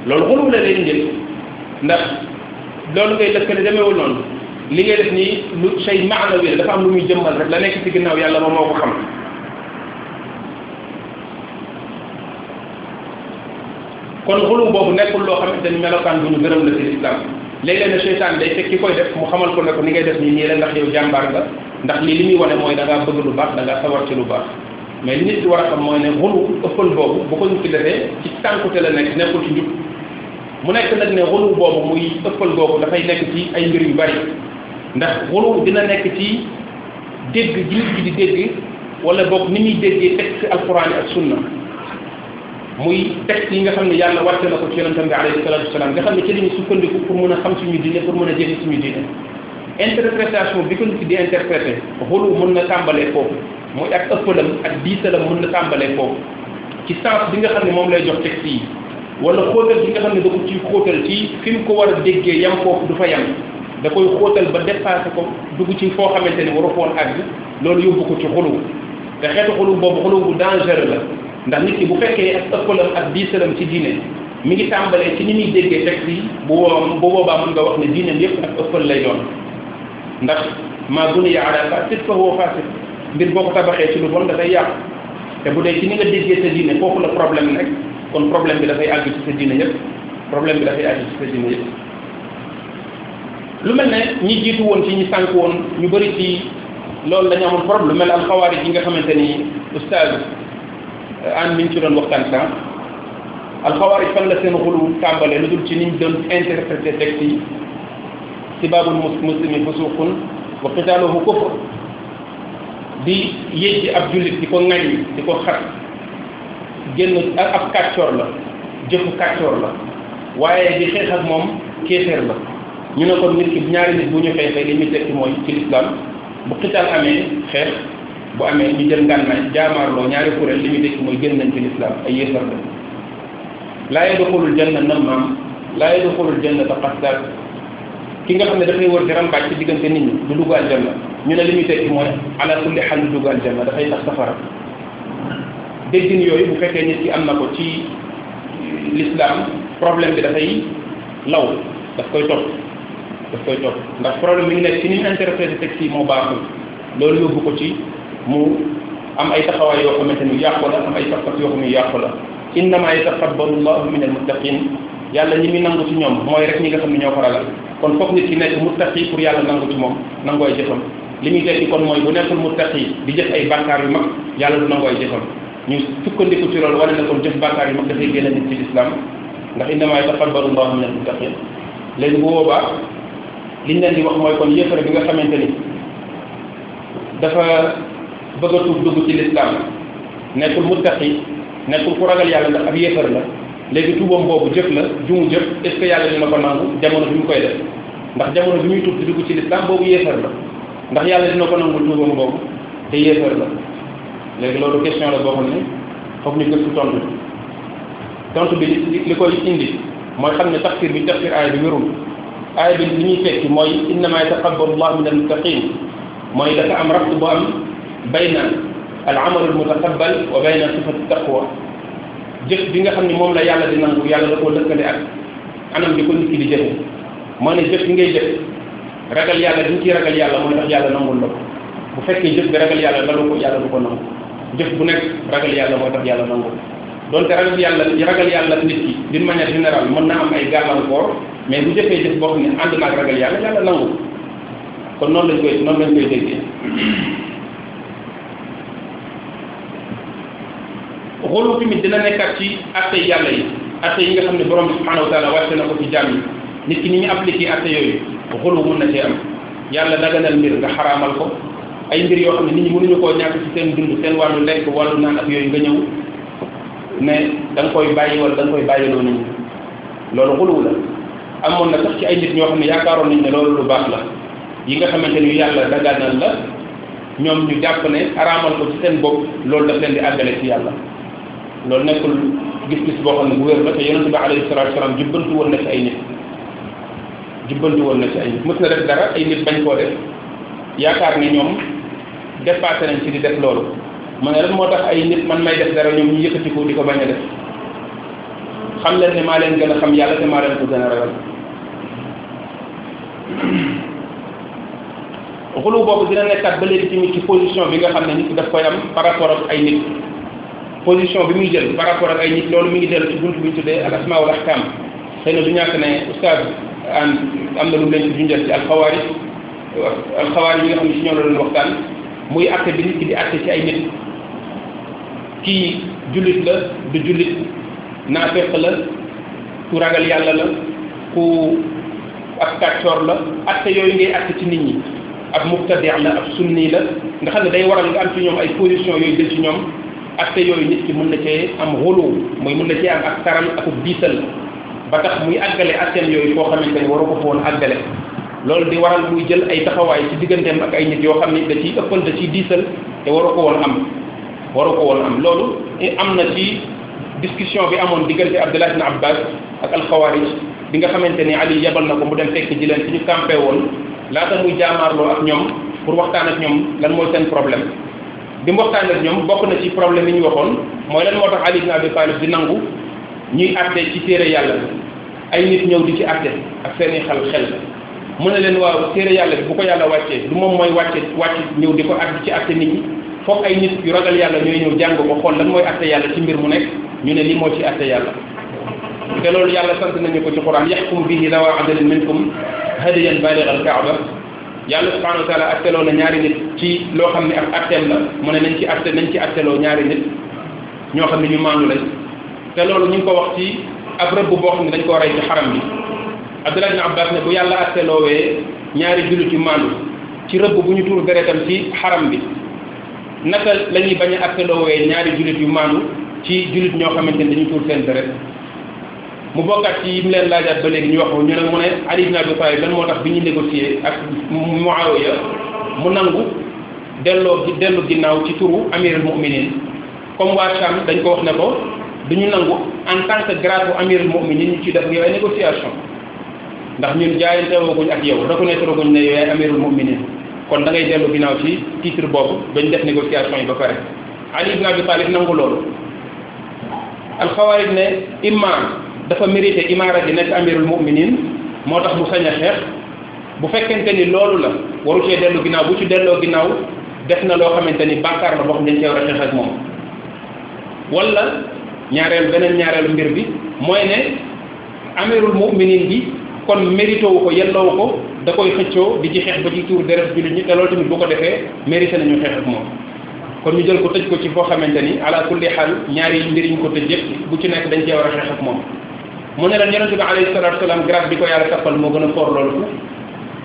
loolu xulwu la leen njël ndax loolu ngay lëkkale demeewul noonu li nga def nii lu say maana wi dafa am lu muy jëmmal rek la nekk ci ginnaaw yàlla moom moo ko xam kon xulu boobu nekkul loo xamante ni melokaan bu ñu gërëm na ci lislaam léeg-léeg na seytaan day fekk ki koy def mu xamal ko ne ko ni ngay def nii nii la ndax yow jàmbaar ndax lii li muy wane mooy da ngaa bëgg lu baax da ngaa sawar ci mais li nit di war a xam mooy ne xulu ëppal boobu bu ko ñu ci defee ci tànkute la nekk nekkul ci njub mu nekk nag ne xulu boobu muy ëppal boobu dafay nekk ci ay mbir yu bari ndax xulu dina nekk ci dégg gi nit di dégg wala boog ni muy déggee texte alquran ak sunna muy texte yi nga xam ne yàlla wàcce na ko ci yonentam bi alayhi salatu wasalaam nga xam ne ci la ñu sukkandiku pour mën a xam suñu diine pour mën a jëfe suñu diine interprétation bi ko nit ki di interprété xolu mën na tàmbalee foofu mooy ak ëppalam ak diisalam mën na tàmbalee foofu ci sens bi nga xam ne moom lay jox texte yi wala xóotal bi nga xam ne da ko ci xóotal ci fi mu ko war a déggee yam foofu du fa yam da koy xóotal ba dépassé ko dugg ci foo xamante ne waru foon àgg loolu yóbbu ko ci xulu te xeetu xulu boobu xulu bu dangereux la ndax nit ki bu fekkee ak ëppalam ak diisalam ci diine mi ngi tàmbalee ci ni muy déggee texte yi bu woom bu boobaa mën nga wax ne diineem yépp ak ëppal lay doon ndax maa buniya ala fasid fa huwa fasid mbir boo ko tabaxee ci lu bon dafay yàqu te bu dee ci ni nga déggee sa diine foofu la problème nekk kon problème bi dafay àgg ci sa diine yépp problème bi dafay àgg ci sa diine yépp lu mel ne ñi jiitu woon ci ñi sànk woon ñu bëri ci loolu dañu amoon lu mel ne alxawaarij nga xamante ni ustaaz an mi ñu ci doon waxtaan sànq alxawaarij fan la seen xulu tàmbalee lu dul ci niñ doon interprété texte yi sibaabul muslimi fusuqun wa qitaaluhu kufr di yéeg ci ab jullit di ko ŋañ di ko xat génn ab kàccoor la jëfu kàccoor la waaye di xeex ak moom kéeféer la ñu ne kon nit ki ñaari nit bu ñu xeexee li muy tekki mooy ci lislaam bu xitaal amee xeex bu amee ñu jël ngànnaay jaamaarloo ñaari kuréel li ñu dëkk mooy génn nañ ci lislaam ay yéefar la laa yadxulul janna nammaam laa yadxulul jannata qassaab ki nga xam ne dafay wër di rambaaj ci diggante nit ñi du dugg aljanna ñu ne li ñu tekki mooy ala kulli xaal du dugg aljanna dafay tax safara déggin yooyu bu fekkee nit ki am na ko ci lislaam problème bi dafay law daf koy topp daf koy topp ndax problème bi ngi nekk ci ni ñu interprété texte yi moo baaxul loolu yóbbu ko ci mu am ay taxawaay yoo xamante ni yàqu la am ay pas-pas yoo xam ne yàqu la innama yataqabbalu llahu min almuttaqin yàlla ñi muy nangu ci ñoom mooy rek ñi nga xam ne ñoo ko ragal kon foog nit ki nekk muttaqi pour yàlla nangu ci moom nangooy jëfam li muy tekki kon mooy bu nekkul muttaqi di jëf ay bàkkaar yu mag yàlla du nangooy jëfam ñu sukkandiku ci loolu wane na kon jëf bàkkaar yu mag dafay génne nit ci lislaam ndax innama yataqabbalu llahu min almuttaqin léegi bu boobaa liñ leen di wax mooy kon yëfare bi nga xamante ni bëgg a tuub dugg ci nekk nekkul muttaqi nekkul ku ragal yàlla ndax ab yéefar la léegi tuubam boobu jëf la jumu jëf est ce que yàlla ko nangu jamono bi mu koy def ndax jamono bi muy tuub di dugg ci lislaam boobu yéefar la ndax yàlla dina ko nangu tuubam boobu te yéefar la léegi loolu question la boo xam ne foog ñu gëstu tontu bi tontu bi li koy indi mooy xam ne tafsir bi tafsir aaya bi wérul aaya bi li ñuy tekki mooy innama yataqabbalu llahu min almuttaqin mooy dafa am rabt bu am bayna al-amal al-mutaqabbal wa bayna sifati taqwa jëf bi nga xam ne moom la yàlla di nangu yàlla da koo lëkkale ak anam di ko nit ki di jëfe moo ne jëf bi ngay jëf ragal yàlla di nga ciy ragal yàlla mooy tax yàlla nangul la ko bu fekkee jëf bi ragal yàlla dalu ko yàlla du ko nangu jëf nekk ragal yàlla mooy tax yàlla nangul donte ragal yàlla ragal yàlla nit ki d'une manière générale mën naa am ay gàllankoor mais bu jëfee jëf boo xam ne ànd naag ragal yàlla yàlla noonu lañ koy noonu lañ koy déggee rôle tamit dina nekkaat ci atte yàlla yi atte yi nga xam ne borom bi subhanahu wa taala wàcce na ko ci jàmm yi nit ki ni ñu appliqué atte yooyu rôle mun na cee am yàlla daganal mbir nga xaraamal ko ay mbir yoo xam ne nit ñi mënuñu koo ñàkk ci seen dund seen wàllu lekk wàllu naan ak yooyu nga ñëw ne da koy bàyyi wala da koy bàyyi noonu ñu loolu xuluw la amoon na sax ci ay nit ñoo xam ne yaakaaroon nañ ne loolu lu baax la yi nga xamante ni yàlla daganal la ñoom ñu jàpp ne araamal ko ci seen bopp loolu daf leen di àggale ci yàlla loolu nekkul gis-gis boo xam ne bu wér la te yonent bi alayhi salaatu salaam jubbantu woon na ci ay nit jubbantu woon na ci ay nit mës na def dara ay nit bañ koo def yaakaar ne ñoom dépassé nañ ci di def loolu ma ne lan moo tax ay nit man may def dara ñoom ñu yëkkati ko di ko ba a def xam leen ne maa leen gën a yàlla te maa leen ko gën a ragal xulu boobu dina nekkaat ba léegi ci position bi nga xam ne nit daf koy am par rapport ak position bi muy jël par rapport ak ay nit loolu mi ngi dellu ci buntu bi ñu tuddee al asma wal ahkam xëy na du ñàkk ne oustaz an am na lu mu leen ci junjal ci alxawaarij alxawaarij xam ne ci ñoom la doon muy atte bi ki di atte ci ay nit jullit la du jullit naafeq la ku ragal yàlla la ku ab kàccoor la atte yooyu ngay atte ci nit ñi ab mubtadi' la ab sunni la nga xam ne day waral nga am ci ñoom ay position yooyu jël ci ñoom acte yooyu nit ki mën na cee am xolow mooy mën na cee am ak taral akub diisal ba tax muy àggale acteem yooyu foo xamante ne waru ko foon àggale loolu di waral muy jël ay taxawaay ci digganteem ak ay nit yoo xam ne da ciy ëppal da ciy diisal te waru ko woon am waru ko woon am loolu am na ci discussion bi amoon diggante Abdullah ibn Abbas ak alxawaarij bi nga xamante ne Ali yabal na ko mu dem fekk ji leen ci ñu campé woon laata muy jaamaarloo ak ñoom pour waxtaan ñoom lan mooy seen problème bi mu waxtaanee ak ñoom bokk na ci problème yi ñu waxoon mooy lan moo tax Ali ibn Abi Talib di nangu ñuy atte ci téere yàlla ay nit ñëw di ci atte ak seeni xel xel mu ne leen waaw téere yàlla bi bu ko yàlla wàccee moom mooy wàcce wàcc ñëw di ko at ci atte nit ñi foog ay nit yu ragal yàlla ñooy ñëw jàng ko xool lan mooy atte yàlla ci mbir mu nekk ñu ne lii moo ci atte yàlla te loolu yàlla sant nañu ko ci xuraan yaxkum bihi dawa adalin minkum hadiyan baligha al kaaba yàlla subhanahu wa taala atteloo na ñaari nit ci loo xam ne ab attel la mu ne nañ ci atte nañ ci atteloo ñaari nit ñoo xam ne ñu maanu lañ te loolu ñu ngi ko wax ci ab rëbb boo xam ne dañ ko rey ci xaram bi Abdullah ibn Abbas ne bu yàlla atteloowee ñaari jullit yu maanu ci rëbb bu ñu tuur deretam ci xaram bi naka lañuy bañ a atteloowee ñaari jullit yu maanu ci jullit ñoo xamante ne dañu tuur seen deret mu bokkaat ci mu leen laajaat ba léegi ñu wax ñu ne mu ne Ali ibn Abi Talib lan moo tax bi ñu négocier ak Muawiya mu nangu delloo dellu ginnaaw ci turu amirul mu'minin comme waa dañ ko wax ne ko du ñu nangu en tant que grade bu amirul mu'minin ñu ci def yow ay négociation ndax ñun jaayante wooguñ ak yow reconnaître ko ne yow ay amirul mu'minin kon dangay ngay dellu ginnaaw ci titre boobu bañ def négociation yi ba pare Ali ibn Abi Talib nangu loolu alxawaarij ne imma dafa mérité imaara gi nekk amirul muminin moo tax mu sañ a xeex bu fekkente ni loolu la waru cee dellu ginnaaw bu ci delloo ginnaaw def na loo xamante ni bàkkaar la boo xam dañ cee war a xeex ak moom wala ñaareelu beneen ñaareelu mbir bi mooy ne amirul muminin bi kon mérité wu ko yelloowu ko da koy xëccoo di ci xeex ba ci tuur deret jullit ñi te loolu tamit bu ko defee mérité nañu xeex ak moom kon ñu jël ko tëj ko ci foo xamante ni ala kulli xaal ñaari mbir ñu ko tëj bu ci nekk dañ cee war moom mu ne la yonente bi alayhi salatu salaam grâce bi ko yàlla tappal moo gën a foor loolu fu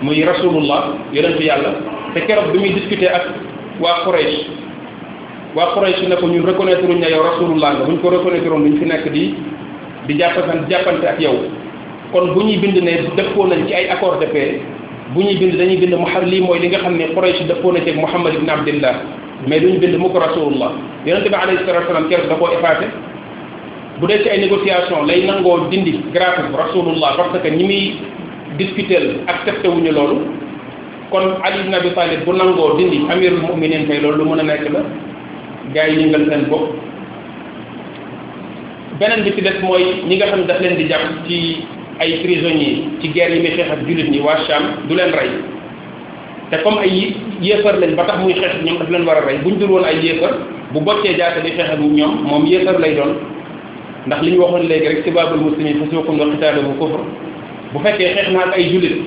muy rasulullah yonente yàlla te keroog bi muy discuter ak waa Quraysh waa Quraysh na ko ñu reconnaître uñ ne yow rasulullah nga buñ ko reconnaître woon duñ fi nekk di di jàppante ak yow kon bu ñuy bind ne dëppoo ci ay accord de paix bu ñuy bind dañuy bind mu xam lii mooy li nga xam ne Quraysh dëppoo na ci ak Muhammad ibn Abdillah mais duñ bind mu ko rasulullah yonente bi alayhi salatu salaam bu dee ci ay négociation lay nangoo dindi gratuit rasulullah parce que ñi muy discuter wu ñu loolu kon Ali na Abi Talib bu nangoo dindi amirul muminin kay loolu lu mën a nekk la gars yi yëngal seen bopp beneen bi ci des mooy ñi nga xam ne daf leen di jàpp ci ay prisonniers ci guerre yi muy xeex ak jullit ñi waa Cham du leen rey te comme ay yéefar lañ ba tax muy xeex ñoom daf leen war a rey bu ñu dul woon ay yéefar bu boccee jaase di xeex ak ñoom moom lay doon ndax li ñu waxoon léegi rek sibaabul muslimin fusuuqun wa qitaaluhu kufr bu fekkee xeex naa ak ay jullit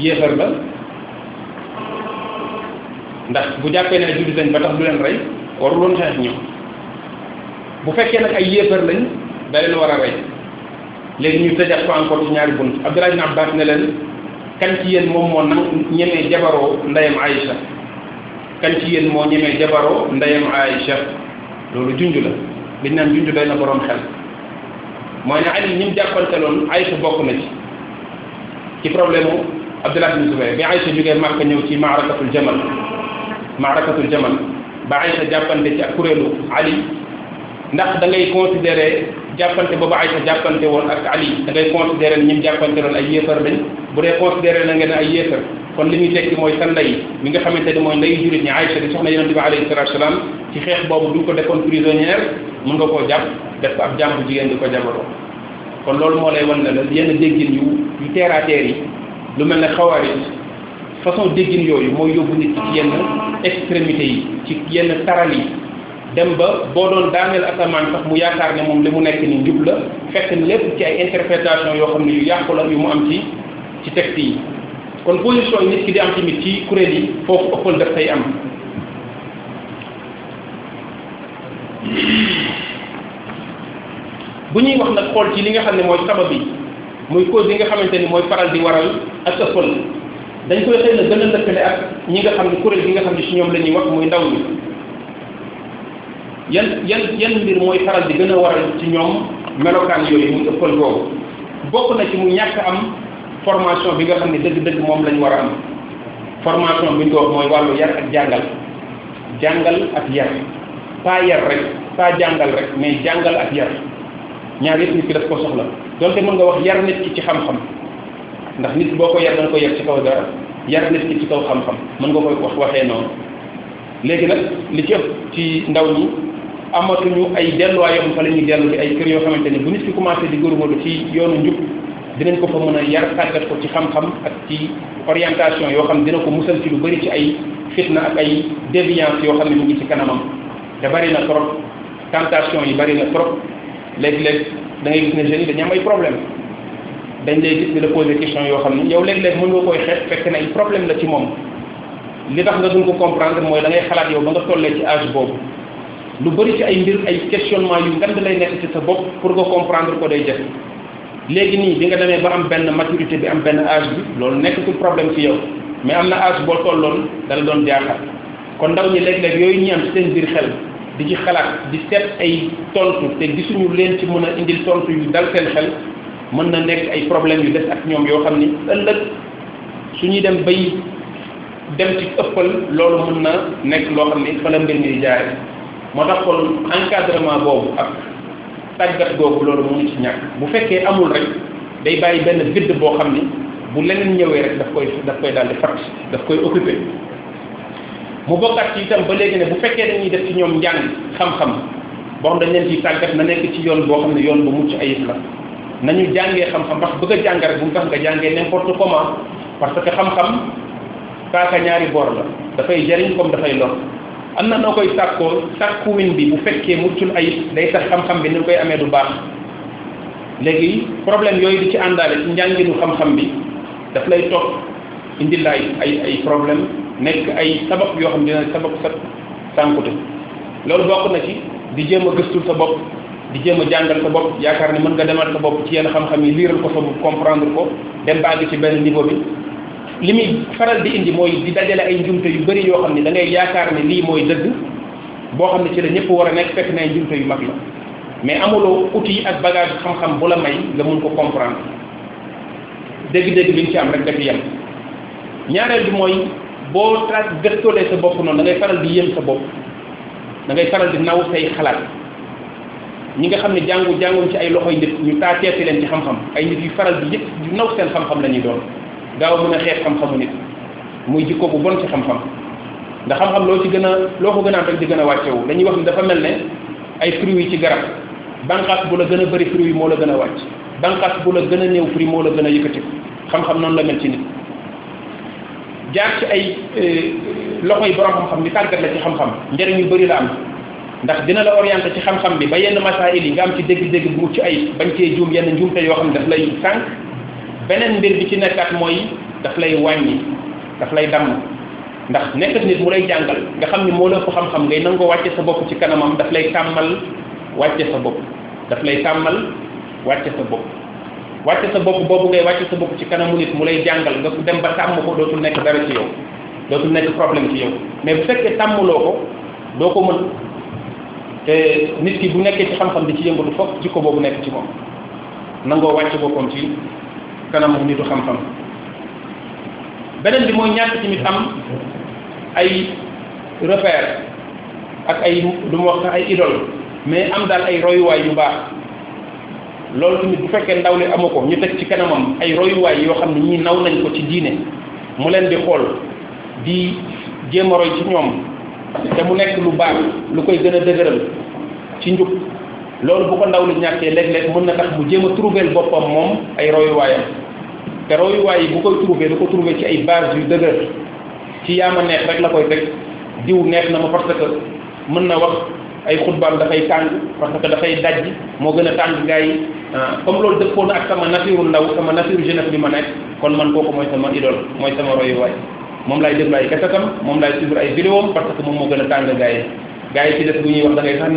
yéefar la ndax bu jàppee ne ay jullit lañ ba tax du leen rey warul woon xeex ñoom bu fekkee nag ay yéefar lañ dalee leen war a rey léegi ñu tëjaat ko encore ci ñaari bunt Abdullah ibn Abbas ne leen kan ci yéen moom moo nag ñemee jabaroo ndeyam Aïcha kan ci yéen moo ñemee jabaroo ndeyam Aïcha loolu junj la biñ naan junj doy na borom xel mooy ne Ali ñi mu jàppanteloon Aïcha bokk na ci ci problème mu Abdullah bin Zubayr bi Aïcha jógee Màkka ñëw ci maarakatul jamal maarakatul jamal ba Aïcha jàppante ci ak kuréelu Ali ndax da ngay considérer jàppante boobu Aïcha jàppante woon ak Ali da ngay considérer ne ñi mu jàppanteloon ay yéefar lañ bu dee considérer na ngeen ay yéefar kon li muy tekki mooy sa ndey mi nga xamante ne mooy ndeyu jurit ñi Aïcha di soxna yonente bi alayhi salatu wasalaam ci xeex boobu duñ ko defoon prisonnière mun nga koo jàpp def ko ab jàmbu jigéen di ko jabaroo kon loolu moo lay wan na la yenn déggin yu yu teer yi lu mel ne xawaarij façon déggin yooyu mooy yóbbu nit ci yenn extrémité yi ci yenn taral yi dem ba boo doon daaneel asamaan sax mu yaakaar ne moom li mu nekk ni njub la fekk ni lépp ci ay interprétation yoo xam ne yu yàqu la yu mu am ci ci texte yi kon position yi nit ki di am tamit ci kuréel yi foofu ëppal daf tay am bu ñuy wax nag xool ci li nga xam ne mooy sabab yi muy cause yi nga xamante ni mooy faral di waral ak ëppal dañ koy xëy na gën a lëkkale ak ñi nga xam ne kuréel gi nga xam ne si ñoom la ñuy wax muy ndaw ñi yan yan yan mbir mooy faral di gën a waral ci ñoom melokaan yooyu muy ëppal boobu bokk na ci mu ñàkk am formation bi nga xam ne dëgg-dëgg moom lañ war a am formation bi ñu ko wax mooy wàllu yar ak jàngal jàngal ak yar saa yar rek saa jàngal rek mais jàngal ak yar ñaar yëpp nit ki daf ko soxla donte mën nga wax yar nit ki ci xam-xam ndax nit boo ko yar da nga ko yar ci kaw dara yar nit ki ci kaw xam-xam mën nga koy wax waxee noonu léegi nag li ci ci ndaw ñi amatuñu ay delluwaay yoo xam fa la ñuy dellu di ay kër yoo xamante ni bu nit ki commencé di góorgóorlu ci yoonu njub dinañ ko fa mën a yar tàggat ko ci xam-xam ak ci orientation yoo xam dina ko musal ci lu bëri ci ay fitna ak ay déviance yoo xam ne mu ci kanamam te bari na trop tentation yi bari na trop léeg-léeg da ngay gis ne jeunes yi dañu am ay problème dañ lay gis di la poser question yoo xam ne yow léeg-léeg mën nga koy xeex fekk na ay problème la ci moom li tax nga duñ ko comprendre mooy da ngay xalaat yow ba nga tollee ci âge boobu lu bari ci ay mbir ay questionnement yu ngand lay nekk ci sa bopp pour nga comprendre ko day jafe léegi nii bi nga demee ba am benn maturité bi am benn âge bi loolu nekkatul problème ci mais am na âge boo tolloon dala doon jaaxal kon ndaw ñi léeg-léeg yooyu ñi am ci xel di ci xalaat di seet ay tontu te gisuñu leen ci mën a indil tontu yu dal seen xel mën na nekk ay problème yu des ak ñoom yoo xam ni ëllëg su ñuy dem bay dem ci ëppal loolu mën na nekk loo xam ni fa la mbir mi di moo tax kon encadrement boobu ak tàggat googu loolu mënu ci ñàkk bu fekkee amul rek day bàyyi benn vide boo xam ne bu leneen ñëwee rek daf koy daf koy dal di fat daf koy occupé mu bokkat ci itam ba léegi ne bu fekkee dañuy def ci ñoom njàng xam-xam boo xam dañ leen ciy tàggat na nekk ci yoon boo xam ne yoon bu mucc ayib la nañu jàngee xam-xam ndax bëgg a jàng rek bu mu tax nga jàngee n'importe parce que xam-xam kaaka ñaari boor la dafay jariñ comme dafay lor am na noo koy sàkkoo sàkkuwin bi bu fekkee muccul ayib day tax xam-xam bi ni koy amee du baax léegi problème yooyu di ci àndaale ci njànginu xam-xam bi daf lay toog indil la ay ay problème nekk ay sabab yoo xam ne dina sabab sa sànkute loolu bokk na ci di jéem a gëstul sa bopp di jéem a jàngal sa bopp yaakaar ne mën nga demal sa bopp ci yenn xam-xam yi liiral ko sa bopp comprendre ko dem bàgg ci benn niveau bi li muy faral di indi mooy di dajale ay njumte yu bëri yoo xam ne da ngay yaakaar ne lii mooy dëgg boo xam ne ci la ñëpp war a nekk fekk na ay njumte yu mag la mais amuloo outil ak bagage xam-xam bu la may nga mun ko comprendre dégg ci am rek daf boo tra gëstoolee sa bopp noonu da ngay faral bi yëm sa bopp da ngay faral di naw say xalaat ñi nga xam ne jàngu jànguñ ci ay loxoy nit ñu taa taateeti leen ci xam-xam ay nit yu faral di yëpp yu naw seen xam-xam la ñuy doon gaaw a mën a xeex xam-xamu nit muy jikko bu bon ci xam-xam ndax xam-xam loo ci gën a loo ko gën a am rek di gën a wàccewu dañuy wax ni dafa mel ne ay fruits yi ci garab banqaas bu la gën a bari fruits yi moo la gën a wàcc banqaas bu la gën a néew moo la gën a yëkkati xam noonu la mel ci jaar ci ay euh, loxo yi borom xam-xam bi tàggat la ci xam-xam njëriñ yu bari la am ndax dina la orienté ci xam-xam bi ba yenn masaayil yi nga am ci dégg-dégg bu ci ay bañ cee juum yenn njuumte yoo xam ne daf lay sànq beneen mbir bi ci nekkaat mooy daf lay wàññi daf lay damm ndax nekkat nit mu lay jàngal nga xam ni moo la ko xam-xam ngay nangoo wàcce sa bopp ci kanamam daf lay tàmmal wàcce sa bopp daf lay tàmmal wàcce sa bopp wàcce sa bopp boobu ngay wàcce sa bopp ci kanamu nit mu lay jàngal nga dem ba tàmm ko dootul nekk dara ci yow dootul nekk problème ci yow mais bu fekkee tàmmloo ko doo ko mën te nit ki bu nekkee ci xam-xam di ci yëngatu foog jikko boobu nekk ci moom nangoo wàcce boppam ci kanamu nitu xam-xam beneen bi mooy ñàkk mi am ay repère ak ay lu ma wax ay idole mais am daal ay royuwaay yu baax loolu tamit bu fekkee ndaw li amu ko ñu teg ci kanamam ay royuwaay yoo xam ne ñii naw nañ ko ci diine mu leen di xool di jéem a roy ci ñoom te mu nekk lu baax lu koy gën a dëgëral ci njub loolu bu ko ndaw li ñàkkee léeg-léeg mën na tax mu jéem a trouver boppam moom ay royuwaayam te royuwaay yi bu koy trouver du ko trouver ci ay base yu dëgër ci yaama neex rek la koy teg diw neex na ma parce que mën na wax ay xutbaam dafay tàng parce que dafay dajj moo gën a tàng gaa Euh, comme loolu dëppoo na ak sama nature ndaw sama nature jeunesse bi ma nekk kon man kooku mooy sama idole mooy sama royuwaay moom laay déglu ay kasetam moom laay suivre ay vidéo parce que moom moo gën a tàng gars yi gars yi ci des bu i wax wax moo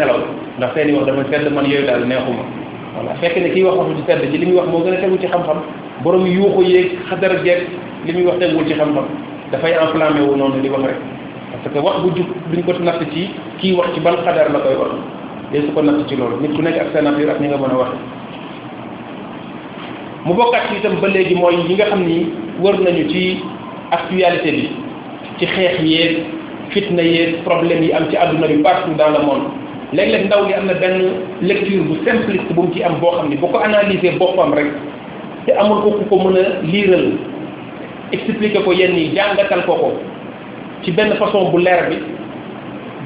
a tegu ci xam-xam borom yuuxu yeeg xadara jeeg li muy wax teguwul ci xam-xam dafay enflammé noonu li wax rek parce que wax bu jub duñ ko natt ci kii wax ci ban xadar la koy wax léegi su ko natt ci loolu nit ku nekk ak sa nature ak ni nga mën a waxee mu bokkat ci itam ba léegi mooy yi nga xam ni wër nañu ci actualité bi ci xeex yeeg fitna yeeg problème yi am ci àdduna bi partout dans le monde léeg-léeg ndaw li am na benn lecture bu simpliste bu mu ci am boo xam ni boo ko analyser boppam rek te amul ko ku ko mën a liiral expliquer ko yenn yi jàngatal ko ko ci benn façon bu leer bi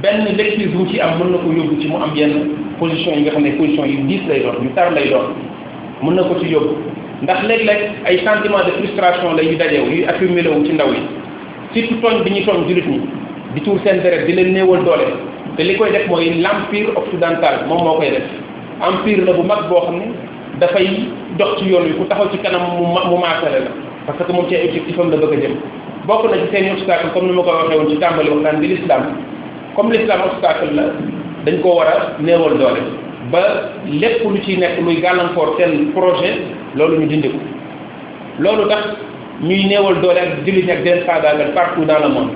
benn lecture bu mu ci am mun na ko yóbbu ci mu am yenn position yi nga xam ne position yu diis lay doon ñu tar lay doon mën na ko ci yóbbu ndax léeg-léeg ay sentiment de frustration la yu dajew yuy accumulé wu ci ndaw yi surtout tooñ bi ñu tooñ jullit ñi di tuur seen deret di leen néewal doole te li koy def mooy l'empire occidental moom moo koy def empire la bu mag boo xam ne dafay dox ci yoon wi ku taxaw ci kanam mu mu maasale la parce que moom ci objectif am bëgg a jëm bokk na ci seen obstacle comme ni ma ko waxee woon ci tàmbali waxtaan bi l'islam comme l'islam obstacle la dañ koo war a néewal doole ba lépp lu ci nekk luy gàllankoor seen projet loolu ñu dindi ko loolu tax ñuy neewal doole ak jullit ak den faagaagal partout dans le monde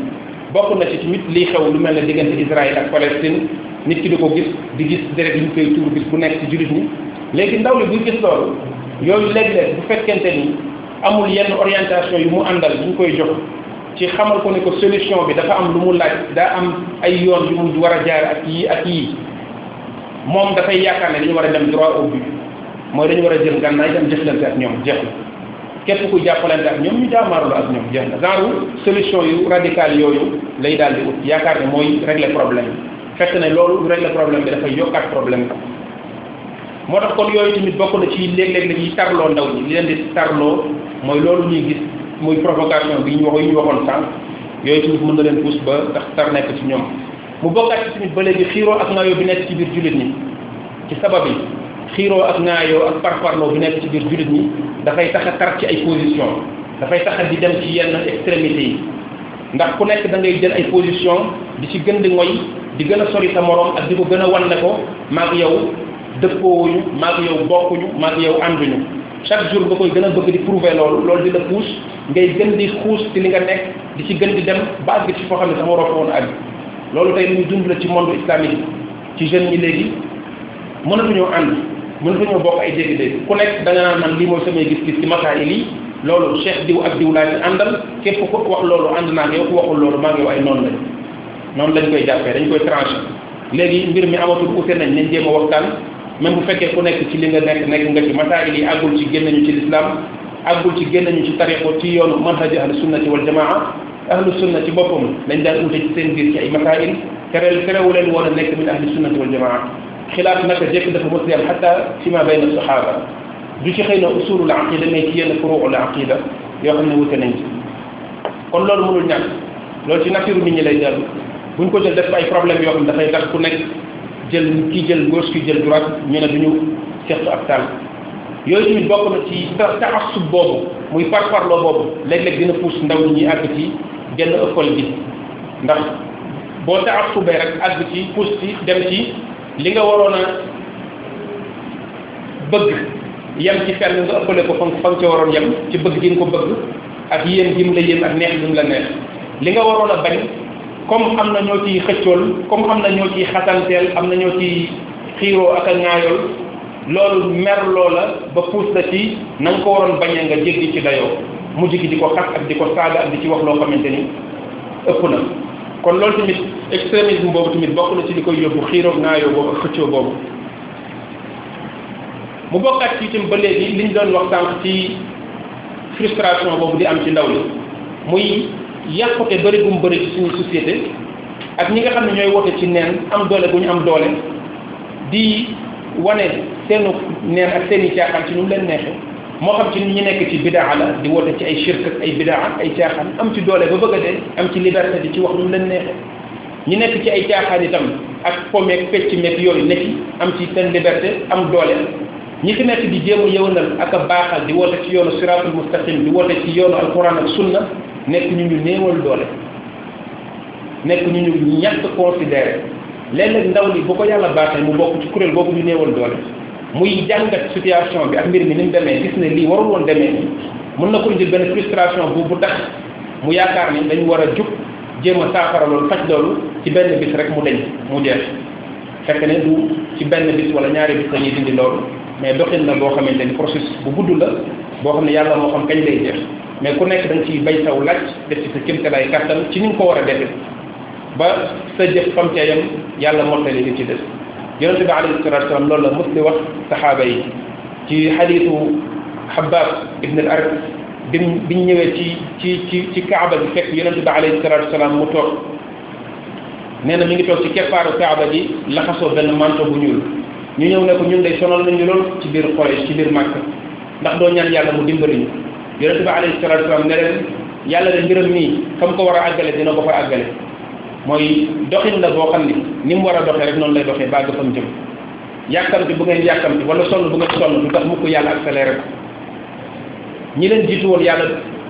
bokk na ci tamit lii xew lu mel ne diggante Israël ak Palestine nit ki di ko gis di gis deret yi ñu koy tuur bis bu nekk ci jullit ñi léegi ndaw li buy gis loolu yooyu léeg-léeg bu fekkente ni amul yenn orientation yu mu àndal bu ñu koy jox ci xamal ko ne ko solution bi dafa am lu mu laaj daa am ay yoon yu mu war a jaar yii ak yii moom dafay yaakaar ne dañu war a dem droit au but mooy dañu war a jël gànnaay dem jëflante ak ñoom jeex na képp ku jàppalante ak ñoom ñu jaamaarlu ak ñoom jeex na genre solution yu radical yooyu lay daal di ut yaakaar ne mooy régler problème bi fekk ne loolu régler problème bi dafay yokkaat problème bi moo tax kon yooyu tamit bokk na ci léeg-léeg la ñuy tarloo ndaw ñi li leen di tarloo mooy loolu ñuy gis muy provocation bi ñu wax yi ñu waxoon sànq yooyu tamit mën na leen pousse ba tax tar nekk ci ñoom mu bokkaat ci tamit ba léegi xiiroo ak ngaayoo bi nekk ci biir jullit ñi ci sabab yi xiiroo ak ngaayoo ak parparloo bi nekk ci biir jullit ñi dafay tax a tar ci ay position dafay tax a di dem ci yenn extrémité yi ndax ku nekk da ngay jël ay position di ci gën di moy di gën a sori sa moroom ak di ko gën a wan ne ko maag yow dëppoowuñu maag yow bokkuñu maag yow ànduñu chaque jour nga koy gën a bëgg di prouver loolu loolu di la puus ngay gën di xuus li nga nekk di ci gën di dem ba àgg ci foo xam ne sax waroo fa woon loolu tey muy dund la ci monde islamique ci jeunes ñi léegi mënatuñoo ànd mënatuñoo bokk ay dégg-dégg ku nekk da nga naan man lii mooy samay gis-gis ci masaayil yi loolu cheikh diw ak diw laa ci àndal képp ku wax loolu ànd naa yow ku waxul loolu maa ngi ay noonu lañ noonu lañ koy jàppee dañ koy tranché léegi mbir mi amatul ute nañ nañ jéem a waxtaan même bu fekkee ku nekk ci li nga nekk nekk nga ci masaayil yi àggul ci génn ñu ci lislaam àggul ci génn i ci tariqo ci yoonu manhaj ahlu sunnati wal jamaa ahlu sunna ci boppam dañ daan ute ci leen woon nekk min ahlu sunnati wal jamaa xilaaf naka jekk dafa mos yàlla xatta fi ma bayna saxaaba du ci xëy na usulul aqida mais ci yenn furuul aqida kon loolu mënul ñàkk loolu ci nature nit ñi lay dellu bu ñu ko jël def ay problème yoo xam ne dafay tax ku nekk jël kii jël gauche kii jël droite ñu ne du ñu seq ak tànk yooyu tamit bokk na ci taxasub mu muy parparloo boobu léeg-léeg dina pousse ndaw ñi ñuy àgg genn ëppal bi ndax boo taasubee rek àgg ci puus ci dem ci li nga waroon a bëgg yem ci fenn nga ëppale ko fa fa nga ca waroon yem ci bëgg gi nga ko bëgg ak yéen gi mu la yéen ak neex gi mu la neex li nga waroon a bañ comme am na ñoo ciy xëccool comme am na ñoo ciy xasanteel am na ñoo ciy xiiroo ak a ŋaayool loolu mer loola ba puus la ci na nga ko waroon bañee nga jéggi ci dayoo mujj gi di ko xas ak di ko saaga ak di ci wax loo xamante ni ëpp na kon loolu tamit extrémisme boobu tamit bokk na ci li koy yóbbu xiiroog naayoo boobu ak xëccoo boobu mu bokkaat ci itam ba léegi li ñu doon wax sànq ci frustration boobu di am ci ndaw li muy yàqute bëri mu bëri ci suñu société ak ñi nga xam ne ñooy wote ci neen am doole bu ñu am doole di wane seenu neex ak seeni caaxaan ci ñu leen neexee moo xam ci ñi nekk ci bidaa la di woote ci ay shirk ay bidaa ak ay caaxaan am ci doole ba bëgg a dee am ci liberté di ci wax lu mu leen neexee ñi nekk ci ay caaxaan itam ak pomeeg pecc meeg yooyu nekk am ci seen liberté am doole ñi fi nekk di jéem a yëwanal ak a baaxal di woote ci yoonu siratul mustaqim di woote ci yoonu alquran ak sunna nekk ñu ñu néewal doole nekk ñu ñu ñàkk considéré léeg-léeg ndaw li bu ko yàlla baaxee mu bokk ci kuréel boobu ñu néewal doole muy jàngat situation bi ak mbir mi ni mu demee gis ne lii warul woon demee mën na ko indil benn frustration bu bu tax mu yaakaar ni dañu war a jug jéem a saafara loolu faj loolu ci benn bis rek mu deñ mu jeex fekk ne du ci benn bis wala ñaari bis la ñuy dindi loolu mais doxin na boo xamante ni processus bu gudd la boo xam ne yàlla moo xam kañ lay jeex mais ku nekk da nga ciy bay saw laaj def ci sa kéemtalaay kàttan ci ni nga ko war a defee ba sa jëf fam ca yam yàlla mottali li ci des yonente bi alayhi salatu wasalam loolu la mos di wax saxaaba yi ci xadiisu xabaab ibn al arat bi biñ ñëwee ci ci ci ci kaaba bi fekk yonente bi alayhi salatu wasalam mu toog nee na mi ngi toog ci keppaaru kaaba ji laxasoo benn manto bu ñuul ñu ñëw ne ko ñun day sonal nañu lool ci biir Quraysh ci biir Makka ndax doo ñaan yàlla mu dimbali ñu yonente bi alayhi salatu wasalam ne leen yàlla de mbiram nii kam ko war a àggale dina ko fa àggale mooy doxin la boo xam ni ni mu war a doxe rek noonu lay doxee bàgg fa mu jëm yàkkamti bu ngeen yàkkamti wala sonn bu ngeen sonn du tax mukk yàlla accéléré ko ñi leen jiitu woon yàlla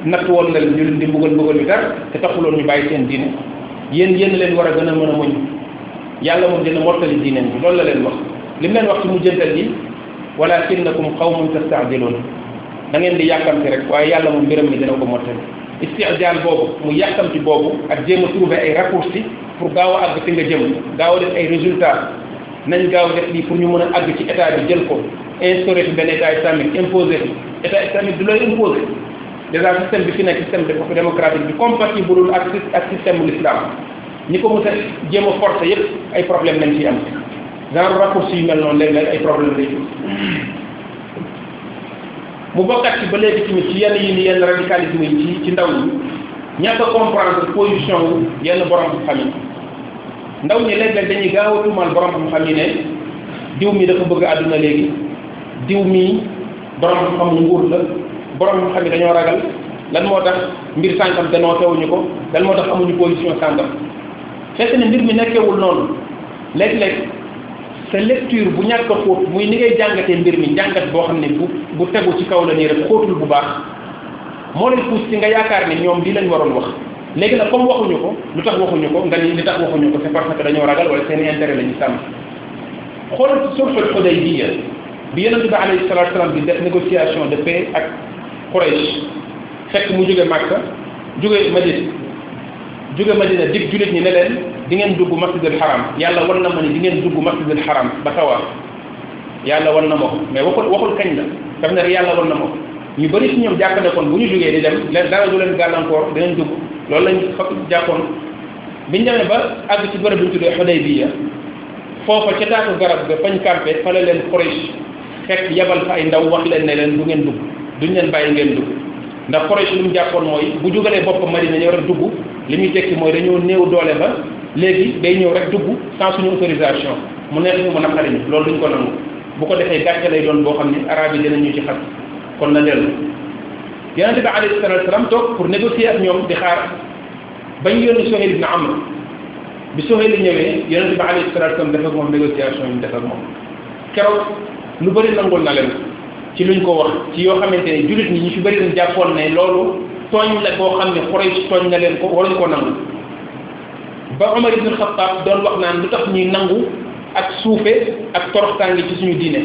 natt woon na leen ñu leen di mbugal mbugal bi te taxuloon ñu bàyyi seen diine yéen yéen leen war a gën a mën a muñ yàlla moom dina mottali diineen bi loolu la leen wax li mu leen wax ci mujjantal yi walakinnakum qawmun tasta'jiluun da ngeen di yàkkamti rek waaye yàlla moom mbiram mi dina ko mottali istijaal boobu mu ti boobu ak jéem a trouver ay raccourci pour gaaw a àgg fi nga jëm gaaw a def ay résultats nañ gaaw a def lii pour ñu mën a àgg ci état bi jël ko instauré fi benn état islamique imposé fi état islamique du lay imposé déjà système bi fi nekk système de démocratique bi compatible ak ak système l'islam ñi ko mos a jéem a forcé ay problème lañ ciy am genre raccourci yu mel noonu léeg-léeg ay problème lay mu bokkat ci ba léegi tamit ci yenn yi ni yenn radicalisme yi ci ci ndaw ñi ñàkk a position wu yenn borom xam-xam yi ndaw ñi léeg-léeg dañuy gaaw a tuumaal borom xam-xam yi ne diw mi dafa bëgg àdduna léegi diw mi borom xam-xam ñu nguur la borom xam yi dañoo ragal lan moo tax mbir sàngam danoo teewuñu ko lan moo tax amuñu position sàngam fekk ne mbir mi nekkewul noonu léeg-léeg sa lecture bu ñàkk a xóot muy ni ngay jàngatee mbir mi jàngat boo xam ne bu bu tegu ci kaw la nii rek xóotul bu baax moo leen pousse nga yaakaar ne ñoom lii lañ waroon wax léegi nag comme waxuñu ko lu tax waxuñu ko nga ni li tax waxuñu ko c'est parce que dañoo ragal wala seen intérêt la ñu sàmm xoolal ci sulhul Hudaybiya bi yonent bi alayhi salaatu salaam bi def négociation de paix ak Quraysh fekk mu jóge Makka jóge Madina jóge Madina dig jullit ñi ne leen di ngeen dugg masjidul haram yàlla wan na ma ni di ngeen dugg masjidul haram ba tawaaf yàlla wan na ma ko mais waxul waxul kañ la daf ne rek yàlla wan na ma ko ñu bëri ci ñoom jàpp ne kon bu ñu jógee di dem leen dara du leen gàllankoor dinañ dugg loolu lañ fa jàppoon biñ demee ba àgg ci bërëb bi ñu tuddee Xudaybiya foofa ca taatu garab ga fañ campé fa leen Quraysh fekk yabal fa ay ndaw wax leen ne leen du ngeen dugg duñ leen bàyyi ngeen dugg ndax Quraysh lu mu jàppoon mooy bu jugalee boppam Madina ñëw rek dugg li muy tekki mooy dañoo néew doole ba léegi day ñëw rek dugg sans suñu autorisation mu neex ñu mu naqari ñu loolu duñ ko nangu bu ko defee gàcce lay doon boo xam ne arab yi dinañu ci xat kon na dellu yonente bi alayhi salatu wasalam toog pour négocier ak ñoom di xaar bañ yónni Suhayl ibn Amr bi Suhayl ñëwee yonente bi alayhi salatu wasalam def ak moom yi mu def ak moom keroog lu bëri nangul na leen ci luñ ko wax ci yoo xamante ne jullit ñi ñu fi bari dañ jàppoon ne loolu tooñ la koo xam ne Quraysh tooñ na leen ko waruñ ko nangu ba Omar ibn Khattab doon wax naan lu tax ñuy nangu ak suufe ak toroxtaange ci suñu diine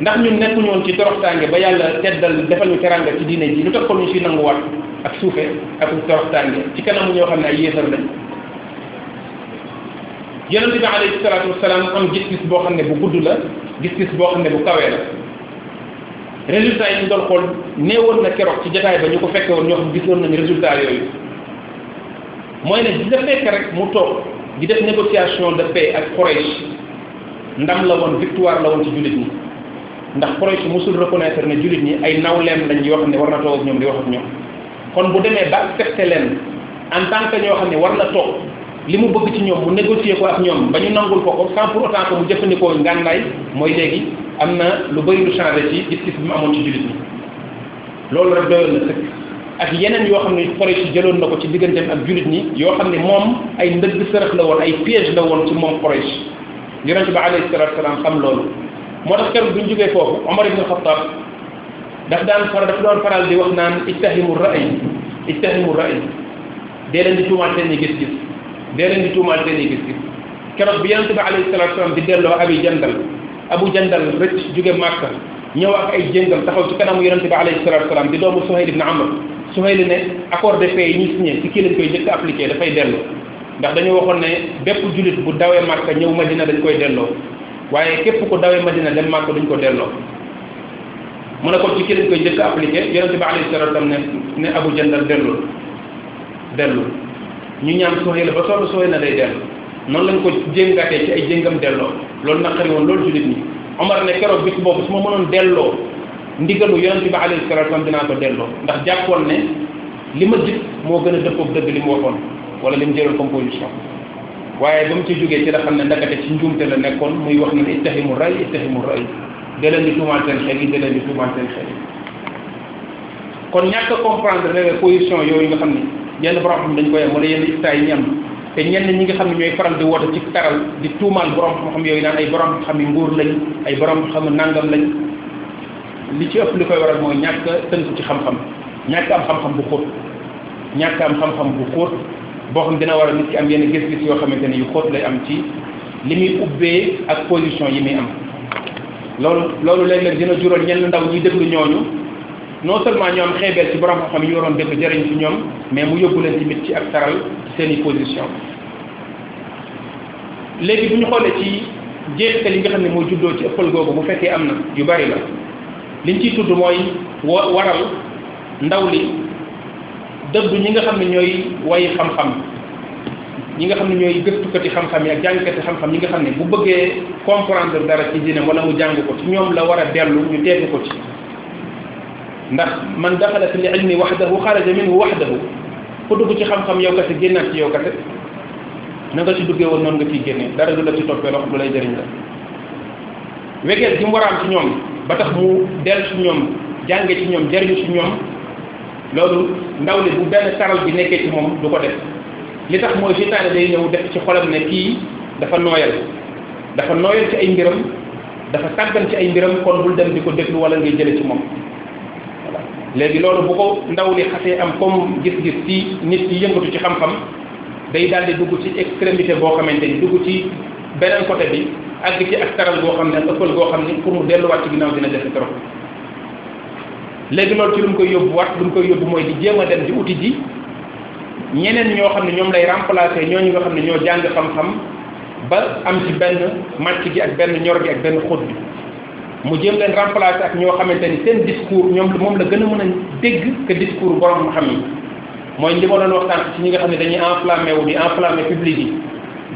ndax ñun nekkuñu woon ci toroxtaange ba yàlla teddal defal ñu teranga ci diine ji lu tax kon ñu ci nanguwaat ak suufe ak toroxtaange ci kanamu ñoo xam ne ay yéefar lañ yonente bi alayhi salaatu wasalaam am gis-gis boo xam ne bu gudd la gis-gis boo xam ne bu kawee la résultat yi ñu doon xool néewoon na keroog ci jotaay ba ñu ko fekkee woon ñoo xam gisoon nañ résultat yooyu mooy ne dina fekk rek mu toog di def négociation de paix ak Quraysh ndam la woon victoire la woon ci jullit ñi ndax Quraysh musul reconnaître ne jullit ñi ay nawleem lañ yoo xam ne war na toog ñoom di wax ñoom kon bu demee ba accepté leen en tant que ñoo xam ne war na toog li mu bëgg ci ñoom mu négocier ko ak ñoom ba ñu nangul ko ko sans pour autant que mu mooy léegi am na lu bëri lu changé ci gis-gis bi mu amoon ci jullit ñi loolu rek doyoon na sëkk ak yeneen yoo xam ne Quraysh ci jëloon na ko ci digganteem ak jullit ñi yoo xam ne moom ay ndëgg sërëx la woon ay piège la woon ci moom Quraysh yonent ba alayhi salaatu salaam xam loolu moo tax keroog bu ñu jógee foofu Omar ibn Khattab daf daan faral daf doon faral di wax naan ittahimu ra'y ittahimu ra'y dee di tuumaal seen i gis-gis dee leen di tuumaal seen i gis-gis keroog bi yonent bi i salaatu salaam di delloo Abi abu jandal rëcc jóge màkka ñëw ak ay jëngam taxaw ci kanamu yonente bi alayhi salatu wasalaam di doomu suhayl ibn amr suhayl ne accord de paix yi ñu signé ci kii lañ koy njëkk appliqué dafay delloo ndax dañu waxoon ne bépp jullit bu dawee màkka ñëw madina dañ koy delloo waaye képp ku dawee madina dem màkka duñ ko delloo mu ne kon ci kii lañ koy njëkk appliqué yonente bi alayhi salatu wasalaam ne ne abu jandal delloo delloo ñu ñaan suhayl ba sonn suhayl na day delloo noonu lañ ko jéngatee ci ay jéngam delloo loolu naqari woon loolu jullit ñi Omar ne keroog bis boobu su ma mënoon delloo ndigalu yonente bi alayhi salatu wasallam dinaa ko delloo ndax jàppoon ne li ma jëf moo gën a dëppoog dëgg li moo waxoon wala li mu jëloon comme waaye ba mu ci jógee ci la xam ne ndakate ci njuumte la nekkoon muy wax na ne ittahimu ray ittahimu ray da leen di tuumaal seen xel yi da leen di tuumaal seen xel yi kon ñàkk a comprendre position yooyu nga xam ne yenn borom xam dañ koy yi ñu am te ñenn ñi nga xam ne ñooy faral di woote ci taral di tuumaal borom xam-xam yooyu naan ay borom xam yi nguur lañ ay borom xam nangam lañ li ci ëpp li koy waral mooy ñàkk a tënku ci xam-xam ñàkk am xam-xam bu xóot ñàkk am xam-xam bu xóot boo xam dina war a nit ki am yenn gis-gis yoo xamante ne yu xóot lay am ci li muy ubbee ak position yi muy am loolu loolu léeg-léeg dina jural ñenn ndaw ñuy déglu ñooñu non seulement ñoom xeebeel ci borom xam-xam yi ñu waroon dégg jëriñ ci ñoom mais mu yóbbu leen tamit ci ak taral seen i position léegi bu ñu xoolee ci jeexital li nga xam ne moo juddoo ci ëppal googu bu fekkee am na yu bari la liñ ci tudd mooy waral ndaw li dëddu ñi nga xam ne ñooy wayi xam-xam ñi nga xam ne ñooy gëstukati xam-xam yi ak jàngkati xam-xam yi nga xam ne bu bëggee comprendre dara ci diine wala mu jàng ko ci ñoom la war a dellu ñu teegu ko ci ndax man daxala fi l ilmi waxdahu xaraja minhu waxdahu ku dugg ci xam-xam yow kese génnaat ci yow nga ci duggee woon noonu nga ciy génne dara du la ci toppee wax du lay jëriñ la wegeet gi mu war ci ñoom ba tax mu dellu ci ñoom jànge ci ñoom jëriñu ci ñoom loolu ndaw li bu benn taral bi nekkee ci moom du ko def li tax mooy seytaane day ñëw def ci xolam ne kii dafa nooyal dafa nooyal ci ay mbiram dafa tàggan ci ay mbiram kon bul dem di ko déglu wala ngay jële ci moom léegi loolu bu ko ndaw li xasee am comme gis-gis ci nit yi yëngatu ci xam-xam day daal di dugg ci extrémité boo xamante ni dugg ci beneen côté bi àgg ci ak taral goo xam ne ëppal goo xam ni pour mu delluwaat ci ginnaaw dina jafe trop léegi loolu ci lu mu koy yóbbuwaat lu mu koy yóbbu mooy di jéem a dem di uti ji ñeneen ñoo xam ne ñoom lay ñoo ñooñu nga xam ne ñoo jàng xam-xam ba am ci benn màcc gi ak benn ñor gi ak benn xóot bi mu jéem leen remplacer ak ñoo xamante ni seen discours ñoom moom la gën a mën a dégg que discours borom xam yi mooy li ma doon waxtaan ci ñi nga xam ne dañuy enflammé wu di enflammé public yi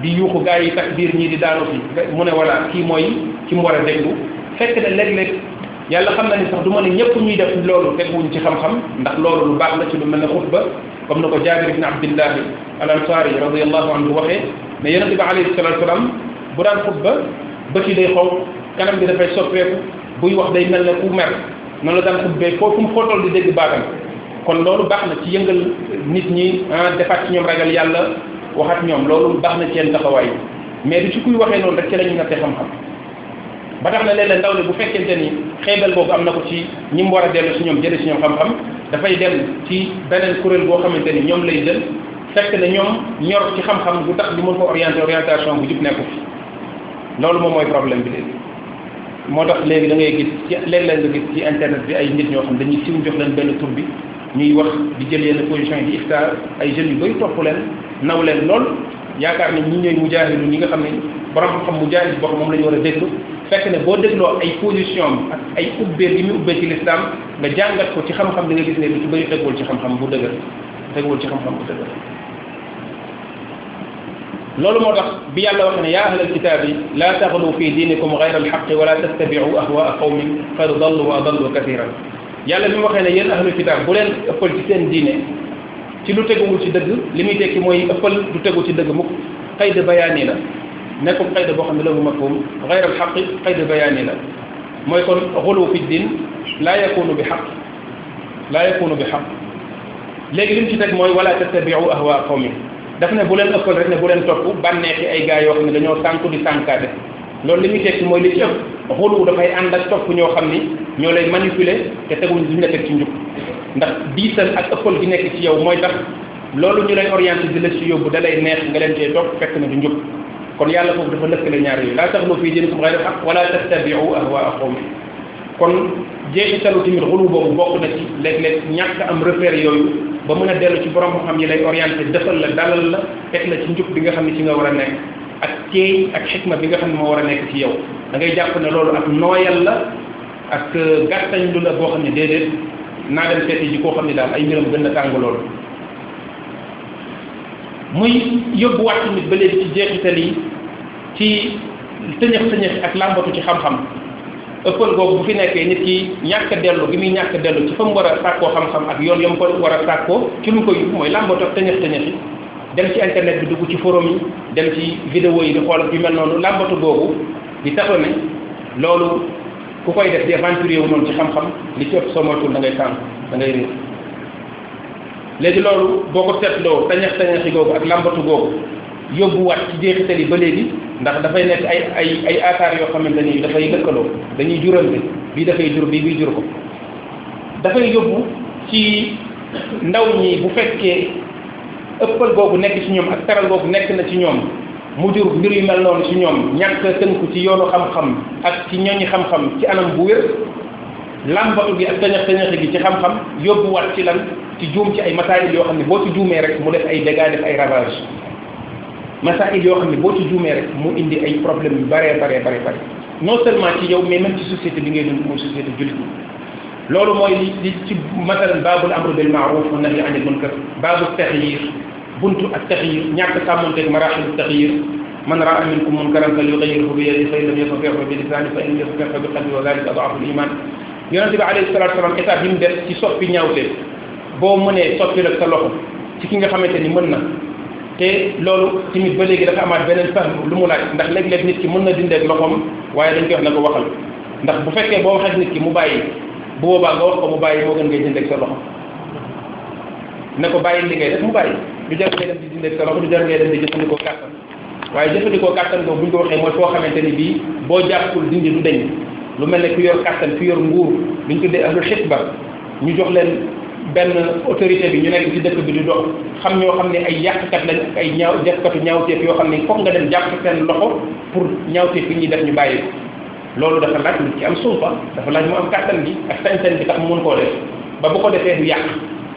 di yuuxu gaa yi tax biir ñii di daanu fi mu ne voilà kii mooy ci mu war a déglu fekk na léeg-léeg yàlla xam na ni sax du ma ne ñëpp ñuy def loolu teguwuñ ci xam-xam ndax loolu lu baax la ci lu mel ne xutba comme na ko jaabir ibn abdillahi al ansari radiallahu anhu waxee mais yonente bi alayhi salatu wasalam bu daan xutba bët yi day xonq kanam bi dafay soppeeku buy wax day mel ne ku mer noonu la daan xubbee foofu mu footool di dégg baatam kon loolu baax na ci yëngal nit ñi ah, defaat ci ñoom ragal yàlla waxat ñoom loolu baax na ci seen taxawaay mais du ci kuy waxee noonu rek ci la ñu nattee xam-xam ba tax na leen léeg ndaw le bu fekkente ni xeebal boobu am na ko ci ñi mu war a dellu si ñoom jële si ñoom xam-xam dafay dem ci beneen kuréel boo xamante ni ñoom lay jël fekk na ñoom ñor ci xam bu tax ñu mën ko orienté orientation bu jub nekku fi loolu moom mooy problème bi léegi moo tax léegi da ngay gis ci léeg-léeg nga gis ci internet bi ay nit ñoo xam dañuy siw jox leen benn tur bi ñuy wax di jël yenn position yi di iftaar ay jeunes yu bëri topp leen naw leen lool yaakaar ne ñi ñooy mujaahidu ñi nga xam ne borom xam-xam mujaahid boo xam moom la ñu war a dégg fekk ne boo dégloo ay position am ak ay ubbee yi muy ubbee ci lislaam nga jàngat ko ci xam-xam da nga gis ne lu ci bëri teguwul ci xam-xam bu dëgër teguwul ci xam-xam bu dëgër loolu moo tax bi yàlla wax ne yaa ahlal kitaabi laa taxlu fi diinikum gayra alxaqi wala tattabiu ahwaa qawmin qad dallu wa adallu kasiran yàlla bi mu waxee ne yéen ahlu kitaab bu leen ëppal ci seen diine ci lu teguwul ci dëgg li muy tekki mooy ëppal du tegu ci dëgg mukk xayda bayaani la nekkum xayda boo xam ne la mu mafhum gayra alxaqi xayda bayaani la mooy kon xulu fi diin laa yakunu bi xaq laa yakunu bi xaq léegi li mu ci teg mooy wala tattabiu ahwaa qawmin daf ne bu leen ëppal rek ne bu leen topp bànneexi ay gars yoo xam ne dañoo sànku di sànkaate loolu li muy tekki mooy li ci ëpp xulu dafay ànd ak topp ñoo xam ni ñoo lay manipuler te teguñ duñ la teg ci njub ndax diisal ak ëppal gi nekk ci yow mooy tax loolu ñu lay oriente di la ci yóbbu da lay neex nga leen cee topp fekk na du njub kon yàlla foofu dafa lëkkale ñaar yooyu laa tax taxlu fii diinikum xayra xaq wala tattabiu ahwaa qawmi kon jeexitalu tamit xulu boobu mboq na ci léeg-léeg ñàkk am repère yooyu ba mën a dellu ci borom xam yi lay orienté defal la dalal la teg la ci njub bi nga xam ne ci nga war a nekk ak teey ak xikma bi nga xam ne moo war a nekk ci yow dangay ngay jàpp ne loolu ak nooyal la ak euh, gàttañ lu la boo xam ne déedéet naa dem seeti ji koo xam ne daal ay mbiram gën a tàng loolu muy yóbbuwaat tamit ba léegi ci jeexital yi ci tëñëx tëñëx ak làmbatu ci xam-xam ëppal googu bu fi nekkee nit ki ñàkk dellu gi muy ñàkk dellu ci fa mu war a sàkkoo xam-xam ak yoon yam ko war a sàkkoo ci lu ko yóbbu mooy làmbatoo ak tëñëx tëñëxi dem ci internet bi dugg ci forum yi dem ci vidéo yi di xool ak mel noonu làmbatu googu di tato ne loolu ku koy def di aventuré wu noonu ci xam-xam li ci soo moytuwul da ngay tànk réer léegi loolu boo ko seetloo tañax tañaxi googu ak làmbatu googu yóbbuwaat ci jeexital yi ba léegi ndax dafay nekk ay ay ay aakaar yoo xamante ni dafay lëkkaloo dañuy jurante bii dafay jur bii bii jur ko dafay yóbbu ci ndaw ñi bu fekkee ëppal googu nekk ci ñoom ak taral googu nekk na ci ñoom mu jur mbir yu mel noonu ci ñoom ñàkk tënku ci yoonu xam-xam ak ci ñoñi xam-xam ci anam bu wér làmbatu gi ak tëñax tëñax gi ci xam-xam yóbbuwaat ci lan ci juum ci ay matériels yoo xam ne boo ci juumee rek mu def ay dégâts def ay ravages. masail yoo xam ne boo ci juumee rek mu indi ay problème yu baree baree baree bare non seulement ci yow mais même ci société bi ngay dund mooy société jullit ñi loolu mooy li li ci masalan baabul amru bil maaruf wa nahyi anil munkar baabu taxyir buntu ak taxyir ñàkk sàmmonteeg maraaxilu taxyir man raa minkum munkaran falyugayyirhu bi yadihi fa in lam yastati' fa bi lisaanihi fa in lam yastati' fa bi qalbihi wa dalika ad'afu l-iman yonent bi alayhi salaatu wa salaam état bi mu def ci soppi ñaawte boo mënee soppi rek sa loxo ci ki nga xamante ni mën na te loolu tamit ba léegi dafa amaat beneen fànn lu mu laaj ndax léeg-léeg nit ki mën na dindeeg loxoom waaye dañ koy wax na ko waxal ndax bu fekkee boo waxee nit ki mu bàyyi bu boobaa nga wax ko mu bàyyi moo gën ngay dindeeg sa loxo ne ko bàyyi li ngay def mu bàyyi du jar ngay dem di dindeeg sa loxo du jar ngay dem di jëfandikoo kàttan waaye jëfandikoo kàttan boobu bu ñu ko waxee mooy foo xamante ni bii boo jàppul dindi du deñ lu mel ne ku yoon kàttan ku yor nguur luñ tuddee ahlu xitba ñu jox leen benn autorité bi ñu nekk ci dëkk bi di dox xam ñoo xam ne ay yàqkat lañ ak ay ñaaw defkatu ñaawteef yoo xam ne foog nga dem jàpp seen loxo pour ñaawteef yi ñuy def ñu bàyyi ko loolu dafa laaj lu ci am sulfa dafa laaj mu am kàttan gi ak sañ-sañ bi tax mu mun koo def ba bu ko defee du yàq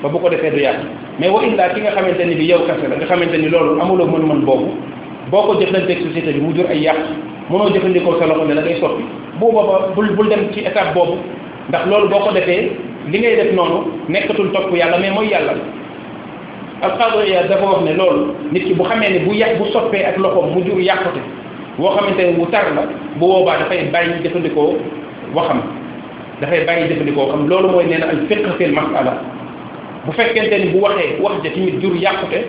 ba bu ko defee du yàq mais wa illaa ki nga xamante ni bi yow kese la nga xamante ni loolu amuloo mën-mën boobu boo ko jëflanteeg société bi mu jur ay yàq mënoo jëfandikoo sa loxo ne la ngay soppi bu booba bul bul dem ci boobu ndax loolu boo ko defee li ngay def noonu nekkatul topp yàlla mais mooy yàlla alxadria dafa wax ne loolu nit ki bu xamee ne bu yàq bu soppee ak loxoom mu jur yàqute boo xamante ne bu tar la boobaa dafay bàyyi jëfandikoo waxam dafay bàyyi jëfandikoo xam loolu mooy nee na al fiqh fil bu fekkente ni bu waxee wax ja tamit jur yàqute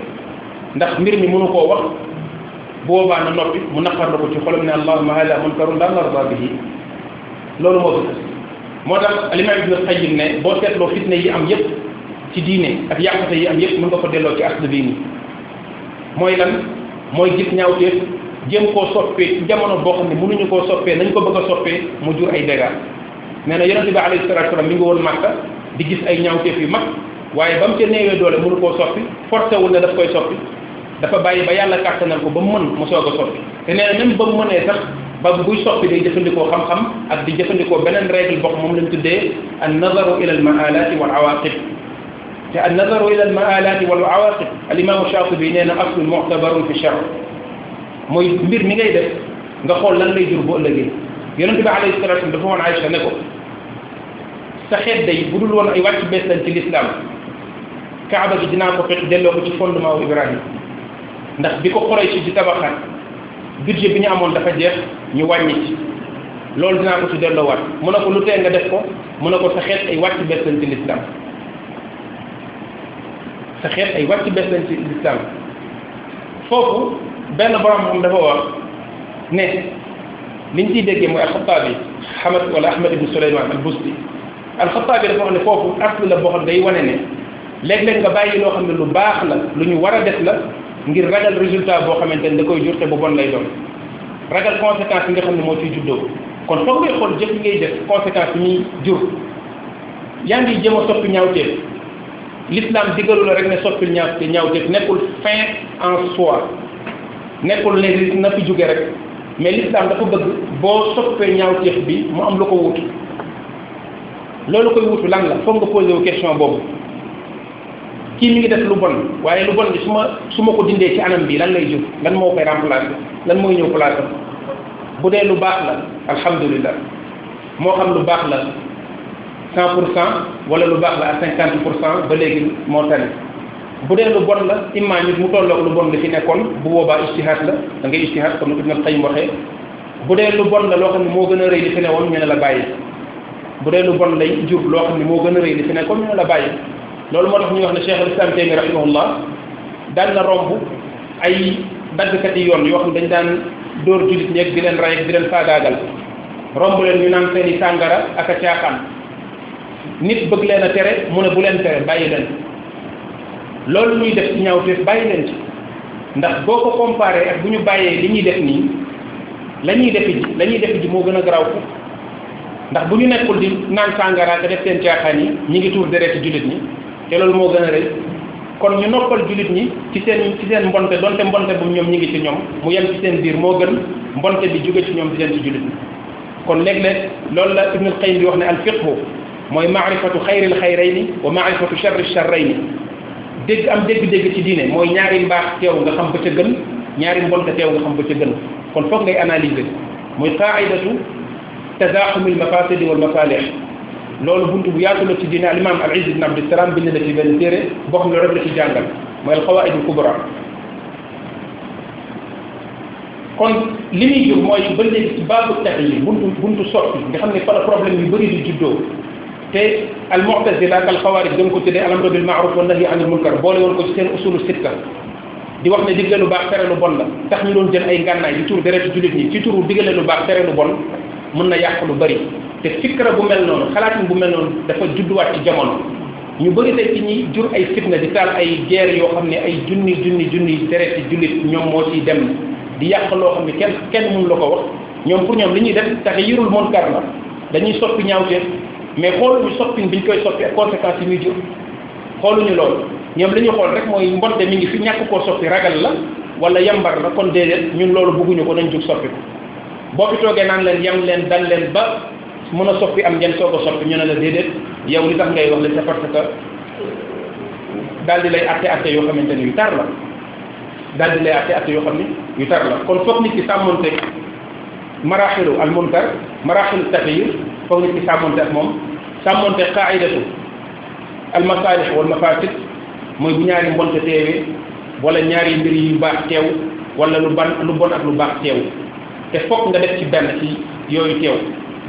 ndax mbir mi mënu koo wax boobaa na noppi mu naqar la ko ci xolam ne allahuma hala munkarun la narda bihi loolu moo fi moo tax alimam ibnu qayyim ne boo seetloo fitne yi am yépp ci diine ak yàqate yi am yépp mën nga ko delloo ci asl bii nii mooy lan mooy gis ñaawteef jéem koo soppee ci jamono boo xam ne mënuñu koo soppee nañ ko bëgg a soppee mu jur ay dégâts nee na yonente bi alayhi salatu salaam mi ngi woon màkka di gis ay ñaawteef yu mag waaye ba mu ca néewee doole mënu koo soppi forcé wul ne daf koy soppi dafa bàyyi ba yàlla kàttanal ko ba mu mën mu soog a soppi te nee na ba buy soppi day jëfandikoo xam-xam ak di jëfandikoo beneen règle bokk moom lañ tuddee an nazaru ila al maalaati wal awaqib te an nazaru ila al maalaati wal awaqib al imaamu Shaatibi nee na aslun mu'tabarun fi shar mooy mbir mi ngay def nga xool lan lay jur bu ëllëgee yonente bi alayhi salatu wasallam dafa woon Aïcha ne ko sa xeet day bu dul woon ay wàcc bees lañ ci lislaam kaaba gi dinaa ko fekk delloo ko ci fondement wu Ibrahima ndax bi ko Quraysh ci budget bi ñu amoon dafa jeex ñu wàññi ci loolu dinaa ko ci delloowaat mu ne ko lu tee nga def ko mën a ko sa xeet ay wàcc bees lañ ci lislaam sa xeet ay wàcc bees lañ ci lislaam foofu benn borom xam dafa wax ne liñ ciy déggee mooy alxataabi Hamad wala Ahmad ibn Suleyman al Busti alxataabi dafa wax ne foofu asli la boo xam day wane ne léeg-léeg nga bàyyi loo xam ne lu baax la lu ñu war a def la ngir ragal résultat boo xamante ni da koy jur te bu bon lay doon ragal conséquence yi nga xam ne moo ciy juddoo kon foog ngay xool jëf yi ngay def conséquence yi muy jur yaa ngi jéem a ñaawteef l'islam digalu la rek ne soppil ñaaw te ñaawteef nekkul fin en soi nekkul ne na fi jóge rek mais l'islam dafa bëgg boo soppee ñaawteef bi mu am lu ko wutu loolu koy wutu lan la foog nga posé wu question boobu kii mu ngi def lu bon waaye lu bon bi su ma su ma ko dindee ci anam bi lan lay jur lan moo koy remplacer lan mooy ñëw place bu dee lu baax la alhamdulilah moo xam lu baax la cent pour cent wala lu baax la à cinquante pour cent ba léegi moo tane bu dee lu bon la immaa nit mu tolloog lu bon la fi nekkoon bu boobaa ijtihaad la da ngay ijtihaad comme ni Ibn al-Qayyim waxee bu dee lu bon la loo xam ne moo gën a rëy li fi newoon ñu ne la bàyyi bu dee lu bon lay jur loo xam ne moo gën a rëy li nekkoon ñu la bàyyi loolu moo tax ñuy wax ne Cheikh al-Islam Taymi rahimahullah daan na romb ay daggkat yi yoon yoo xam dañ daan dóor jullit ñeeg bi leen rey ak di leen faagaagal romb leen ñu naan seen i sàngara ak a caaxaan nit bëgg leen a tere mu ne bu leen tere bàyyi leen loolu ñuy def ci ñaawteef bàyyi leen ci ndax boo ko comparé ak bu ñu bàyyee li ñuy def nii la ñuy defi ji la ñuy defi ji moo gën a garaaw ko ndax bu ñu nekkul di naan sàngara ak def seen caaxaan yi ñi ngi tuur deretu jullit ñi te loolu moo gën a rëy kon ñu noppal jullit ñi ci seen ci seen mbonte donte mbonte bu ñoom ñi ngi ci ñoom mu yem ci seen biir moo gën mbonte bi jóge ci ñoom di leen ci jullit ñi kon léeg-léeg loolu la ibnul qayyim bi wax ne al fiqhu mooy maarifatu xayril xayrayni wa maarifatu charri charrayni dégg am dégg-dégg ci diine mooy ñaari mbaax teew nga xam ba ca gën ñaari mbonte teew nga xam ba ca gën kon foog ngay analyser muy qaidatu tazaaxumil mafasidi wal masalih loolu buntu bu yaatu la ci diine al imam al izz ibn abdusalaam bind na ci benn téere boo xam ne rek la ci jàngal mooy al qawaid al kubra kon li muy jur mooy ba léegi ci baabu tax yi buntu buntu sotti nga xam ne fa la problème yu bëri di juddoo te al mu'tazila ak al xawaarij dañ ko tuddee al amru bil ma'ruf wa nahyi anil munkar boole ko ci seen usulu di wax digle lu baax tere lu bon la tax ñu doon jël ay ngànnaay di tur deretu jullit ñi ci turu digle lu baax tere lu mën na yàq lu bëri te fikra bu mel noonu xalaatin bu mel noonu dafa judduwaat ci jamono ñu bëgg tey ci ñi jur ay fitna di taal ay guerre yoo xam ne ay junni junni junni deret ci jullit ñoom moo ciy dem di yàq loo xam ne kenn kenn mënu la ko wax ñoom pour ñoom li ñuy def tax yërul munkar la dañuy soppi ñaawteef mais xooluñu soppin bi ñu koy soppi ak conséquences yi muy jur ñu loolu ñoom li ñu xool rek mooy mbonte mi ngi fi ñàkk koo soppi ragal la wala yambar la kon déedéet ñun loolu bëgguñu ko nañ jug soppi ko boo fi toogee leen yam leen dal leen ba mën a soppi am njën soo ko soppi ñu ne la déedéet yow li tax ngay wax la c'est parce que di lay atte atte yoo xamante ni yu tar la daal di lay atte atte xam ni yu tar la kon foog nit ki sàmmonte maraaxilu al munkar maraaxilu taxyir foog nit ki sàmmonte ak moom sàmmonte qaidatu al masaalix wal mooy bu ñaari mbonte teewee wala ñaari mbir yu baax teew wala lu ban lu bon ak lu baax teew te foog nga def ci benn ci yooyu teew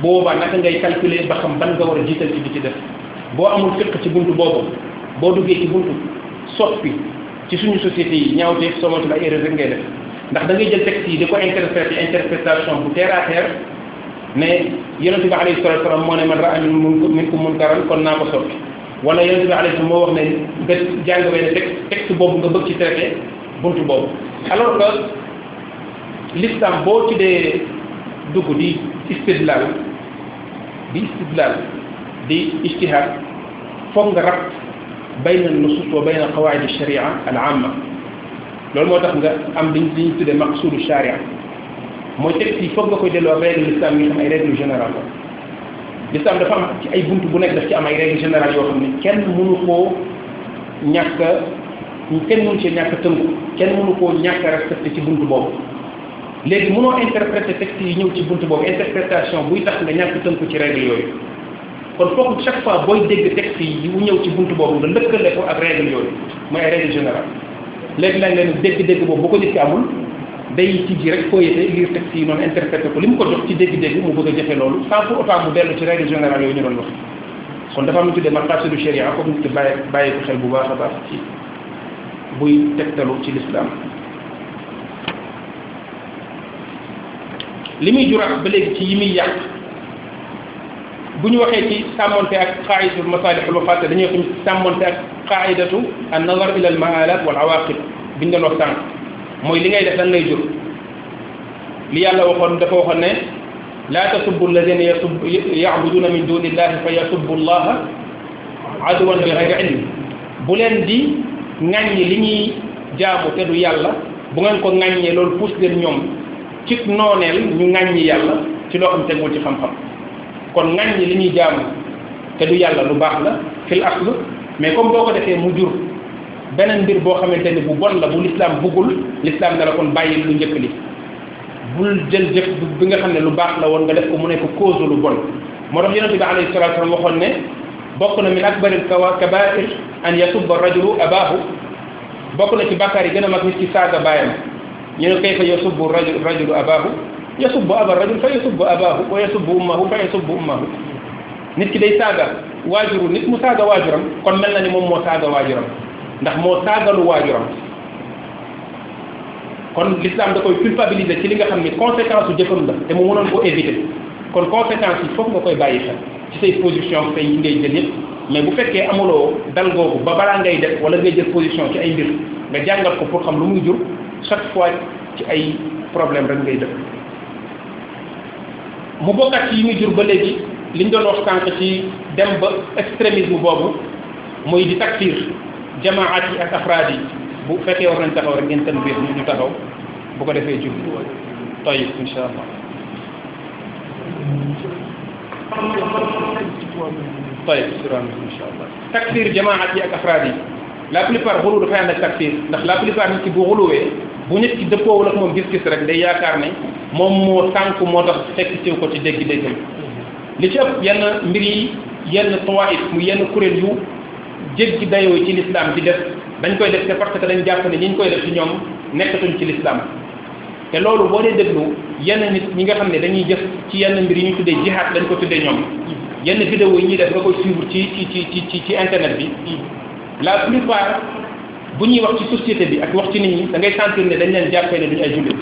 boobaa naka ngay calculer ba xam ban nga war a jiital ci di ci def boo amul fiq ci buntu boobu boo duggee ci buntu soppi ci suñu société yi ñaawteef somotu la erreur rek ngay def ndax da ngay jël texte yi di ko interpréter interprétation bu terre à terre ne yonente bi alayhi salatu wasalam moo ne man ra'a minkum munkaran kon naa ko soppi wala yonente bi moo wax ne nga jàng benn texte boobu nga bëgg ci traité buntu boobu alors que l'islam boo ci dee dugg di istidlal bi istidlaal di ijtihaad foog nga rabt bayna nusus wa bayna qawaid sharia al amma loolu moo tax nga am liñ liñ tuddee maqsudu sharia mooy texte yi foog nga koy delloo règle l'islam yi nga xam ay règle générale la l'islam dafa am ci ay bunt bu nekk daf ci am ay règle générale yoo xam ne kenn mënu koo ñàkk kenn mënu cee ñàkk tënku kenn mënu koo ñàkk respecté ci bunt boobu léegi mënoo interpréter texte yi ñëw ci bunt boobu interprétation buy tax nga ñàkk tënku ci règle yooyu kon foofu chaque fois booy dégg texte yi yu ñëw ci bunt boobu nga lëkkale ko ak règle yooyu mooy ay règle générale léegi lañ leen dégg-dégg boobu bu ko nit ki amul day tijji rek feuilleter lire texte yi noonu interpréter ko li mu ko jox ci dégg-dégg mu bëgg a jëfe loolu sans pour autant mu dellu ci règle générale yooyu ñu doon wax kon dafa am lu tuddee maqasidu sharia comme nit ki bàyyi bàyyi ko xel bu baax a ci buy tegtalu li muy juraat ba léegi ci yi muy yàq bu ñu waxee ci sàmmonte ak qaidatu masalihul mafasid dañuy wax tamit sàmmonte ak qaidatu an nazar ila al maalat wal awaqib bi ñu doon wax sànq mooy li ngay def lan lay jur li yàlla waxoon dafa waxoon ne laa tasubbu alladina yasub yacbuduna min duni illahi fa yasubbu allaha aduwan bi gayri ilm bu leen di ŋàññi li ñuy jaamu te du yàlla bu ngeen ko ŋàññee loolu puus leen ñoom ci nooneel ñu ŋàññi yàlla ci loo xam tegul ci xam-xam kon ŋàññi li ñuy jaamu te du yàlla lu baax la fil aslu mais comme boo ko defee mu jur beneen mbir boo xamante ni bu bon la bu lislaam buggul lislaam dala kon bàyyi lu njëkk li bul jël jëf bi nga xam ne lu baax la woon nga def ko mu nekk cause lu bon moo tax yonente bi alayhi salatu wasallam waxoon ne bokk na min akbaril kabair an yasubba rajulu abaahu bokk na ci bàkkaar yi gën a mag nit ci saaga baayam ñu ne kayfa yasubbu rajul rajulu abaahu yasubbu aba rajul fa yasubbu abaahu wa yasubbu ummahu fa yasubbu ummahu nit ki day saaga waajuru nit mu saaga waajuram kon mel na ni moom moo saaga waajuram ndax moo saagalu waajuram kon l'islam da koy culpabiliser ci li nga xam ni conséquence su jëfam la te mu mënoon koo éviter kon conséquence yi foofu nga koy bàyyi xel ci say position say yi ngay jël yëpp mais bu fekkee amuloo dal googu ba balaa ngay def wala ngay jël position ci ay mbir nga jàngal ko pour xam lu muy jur chaque fois ci ay problème rek ngay dëkk mu bokkat yi mu jur ba léegi liñ doon wax sànq ci dem ba extrémisme boobu muy di takfir jamaat yi ak afraad bu fekkee war nañ taxaw rek ngeen tan ñu ñu taxaw bu ko defee jub tayib insha allah tayib suraam insha allah la plupart xulu dafay ànd ak tafsir ndax la plupart nit ki bu xuluwee bu nit ki dëppoowul ak moom gis-gis rek day yaakaar ne moom moo sànk moo tax fekk siw ko ci dégg-déggam li ci ëpp yenn mbir yi yenn tawaif mu yenn kuréel yu jéggi dayoo ci l'islam di def dañ koy def te parce que dañ jàpp ne ñi ñu koy def ci ñoom nekkatuñ ci l'islam te loolu boo dee déglu yenn nit ñi nga xam ne dañuy jëf ci yenn mbir yi ñu tuddee jihaad dañ ko tuddee ñoom yenn vidéo yi ñuy def nga koy suivre ci ci ci ci ci internet bi la plupart bu ñuy wax ci société bi ak wax ci nit ñi da ngay sentir ne dañ leen jàppee ne duñu ay jullit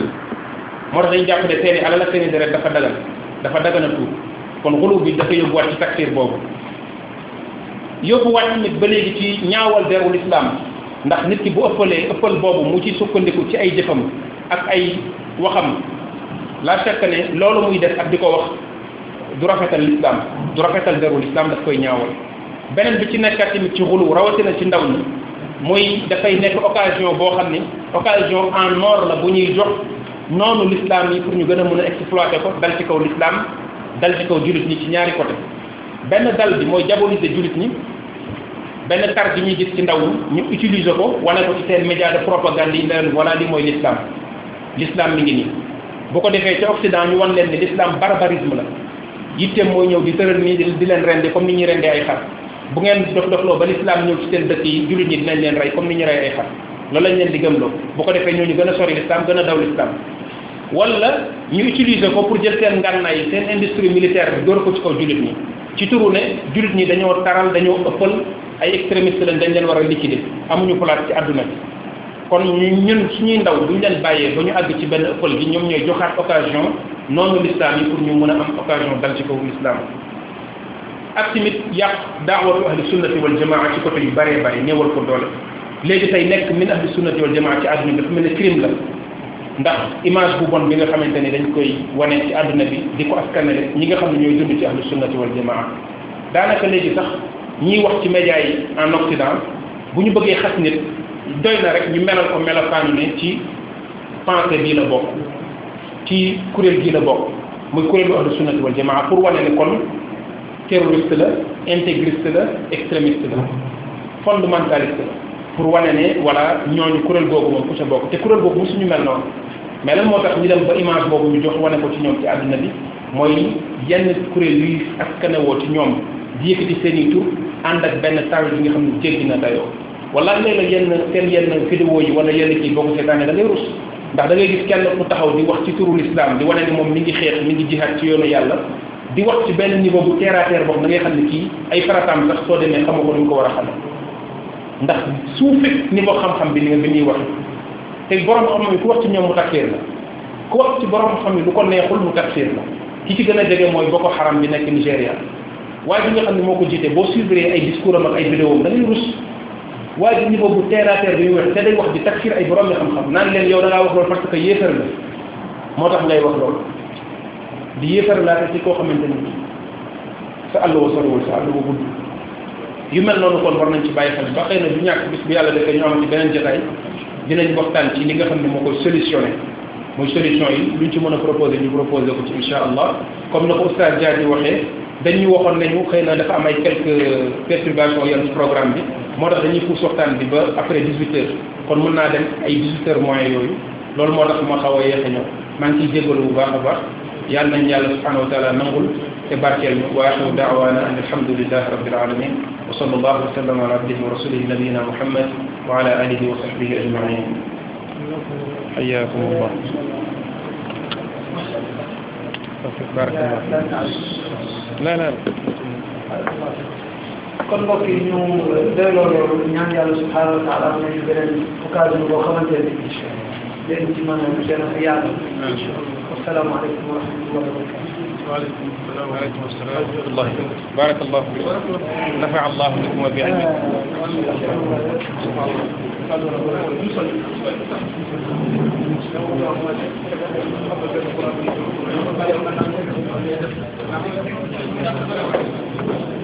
moo tax dañu jàpp ne seeni alal ak seeni deret dafa dagan dafa dagan a kon xulub bi dafa yóbbuwaat ci takfir boobu yóbbuwaat nit ba léegi ci ñaawal derul islam ndax nit ki bu ëppalee ëppal boobu mu ci sukkandiku ci ay jëfam ak ay waxam la fekk ne loolu muy def ak di ko wax du rafetal l'islam du rafetal derul islam daf koy ñaawal beneen bi ci nekkat tamit ci xulu rawatina ci ndaw ñi mooy dafay nekk occasion boo xam ni occasion en or la bu ñuy jox noonu l'islam yi pour ñu gën a mën a exploité ko dal ci kaw l'islam dal ci kaw jullit ñi ci ñaari côté benn dal bi mooy diaboliser jullit ñi benn tar bi ñuy gis ci ndaw ñu utiliser ko wane ko ci seen média de propagande yi leen voilà li mooy l'islam l'islam mi ngi nii bu ko defee ci Occident ñu wan leen ni l'islam barbarisme la yitteem mooy ñëw di tëral nii di leen rendi comme ni ñuy rendee ay xar bu ngeen dof dofloo ba lislaam ñëw ci seen dëkk yi jullit ñi dinañ leen rey comme ni ñu rey ay xar loolu lañ leen di gëmloo bu ko defee ñooñu gën a sori lislaam gën a daw lislaam wala ñu utiliser ko pour jël seen ngànnaay seen industrie militaire bi door ko ci kaw jullit ñi ci turu ne jullit ñi dañoo taral dañoo ëppal ay extrémiste lañ dañ leen war a liquider amuñu place ci àdduna bi kon ñu ñun ñuy ndaw duñ leen bàyyee ba ñu àgg ci benn ëppal gi ñoom ñooy joxaat occasion noonu lislaam yi pour ñu mën a am occasion dal ci kaw lislaam ak tamit yàq daawatu ahli sunnati wal jamaa ci côté yu baree bëri néewal ko doole léegi tey nekk min ahli sunnati wal jamaa ci àdduna bi mel ne crime la ndax image bu bon bi nga xamante ni dañ koy wane ci àdduna bi di ko askanale ñi nga xam ne ñooy dund ci ahli sunnati wal jamaa daanaka léegi sax ñiy wax ci médias yi en occident bu ñu bëggee xas nit doy na rek ñu melal ko melokaanu ne ci pensée bii la bokk ci kuréel gii la bokk muy kuréelu ahlu sunnati wal jamaa pour wane ne kon terroriste la intégriste la extrémiste la fondamentaliste la pour wane ne wala ñooñu kuréel boobu moom ku ca bokk te kuréel googu mosuñu mel noonu mais lan moo tax ñu dem ba image boobu ñu jox wane ko ci ñoom ci àdduna bi mooy yenn kuréel yuy askanawoo ci ñoom di yëkkati seen i tur ànd ak benn tawe bi nga xam ne jéggi na dayoo wala léeg-léeg yenn seen yenn vidéo yi wala yenn kii boo ko seetaanee da ngay rus ndax da gis kenn ku taxaw di wax ci turu l'islam di wane ne moom mi ngi xeex mi ngi yoonu yàlla di wax ci benn niveau bu terre à terre boobu da ngay xam ne kii ay farataam sax soo demee xamoo ko ni ko war a xamee ndax suufee niveau xam-xam bi ni nga bi ñuy wax te borom xam-xam yi ku wax ci ñoom mu tafsir la ku wax ci borom xam yi lu ko neexul mu tafsir la ki ci gën a jege mooy Boko Haram bi nekk Nigéria waaye bi nga xam ne moo ko jiite boo suivre ay discours am ak ay vidéo da ngay rus waaye ci niveau bu terre à bi muy wax te day wax di tafsir ay borom yi xam-xam naan leen yow da ngaa wax loolu parce la moo tax ngay wax loolu. di yéefar laata ci koo xamante ni sa àll wa soriwul sa àll wa gudd yu mel noonu kon war nañ ci bàyyi xel ba xëy na bu ñàkk bis bu yàlla defee ñu am ci beneen jotaay dinañ waxtaan ci li nga xam ne moo koy solutionné mooy solution yi luñ ci mën a proposé ñu proposé ko ci insha allah comme na ko oustaz Dia di waxee dañu waxoon nañu xëy na dafa am ay quelques perturbations yenn programme bi moo tax dañuy puus waxtaan bi ba après 18 heures kon mën naa dem ay 18 heures yooyu loolu moo tax ma xaw a yéex a maa ngi ciy jégalu bu baax a baax yàlla nañ yàlla subhanahu wa taala nangul te barkeel ñu wa axiru daawaana an alhamdulilahi rabbil alamin wa sallallahu wa sallam ala abdihi wa rasulihi nabiyina muhammad wa ala alihi wa sahbihi ajmain حياكم الله بارك الله لا لا kon mbokk yi ñu doyloo loolu ñaan yàlla subhanahu wa taala am nañu beneen occasion boo xamante ne dañ ci mën a gën a yaatal والسلام عليكم ورحمة الله وبركاته وعليكم السلام وعليكم السلام ورحمة الله وبركاته بارك الله فيكم نفع الله بكم وبعلمكم Thank you.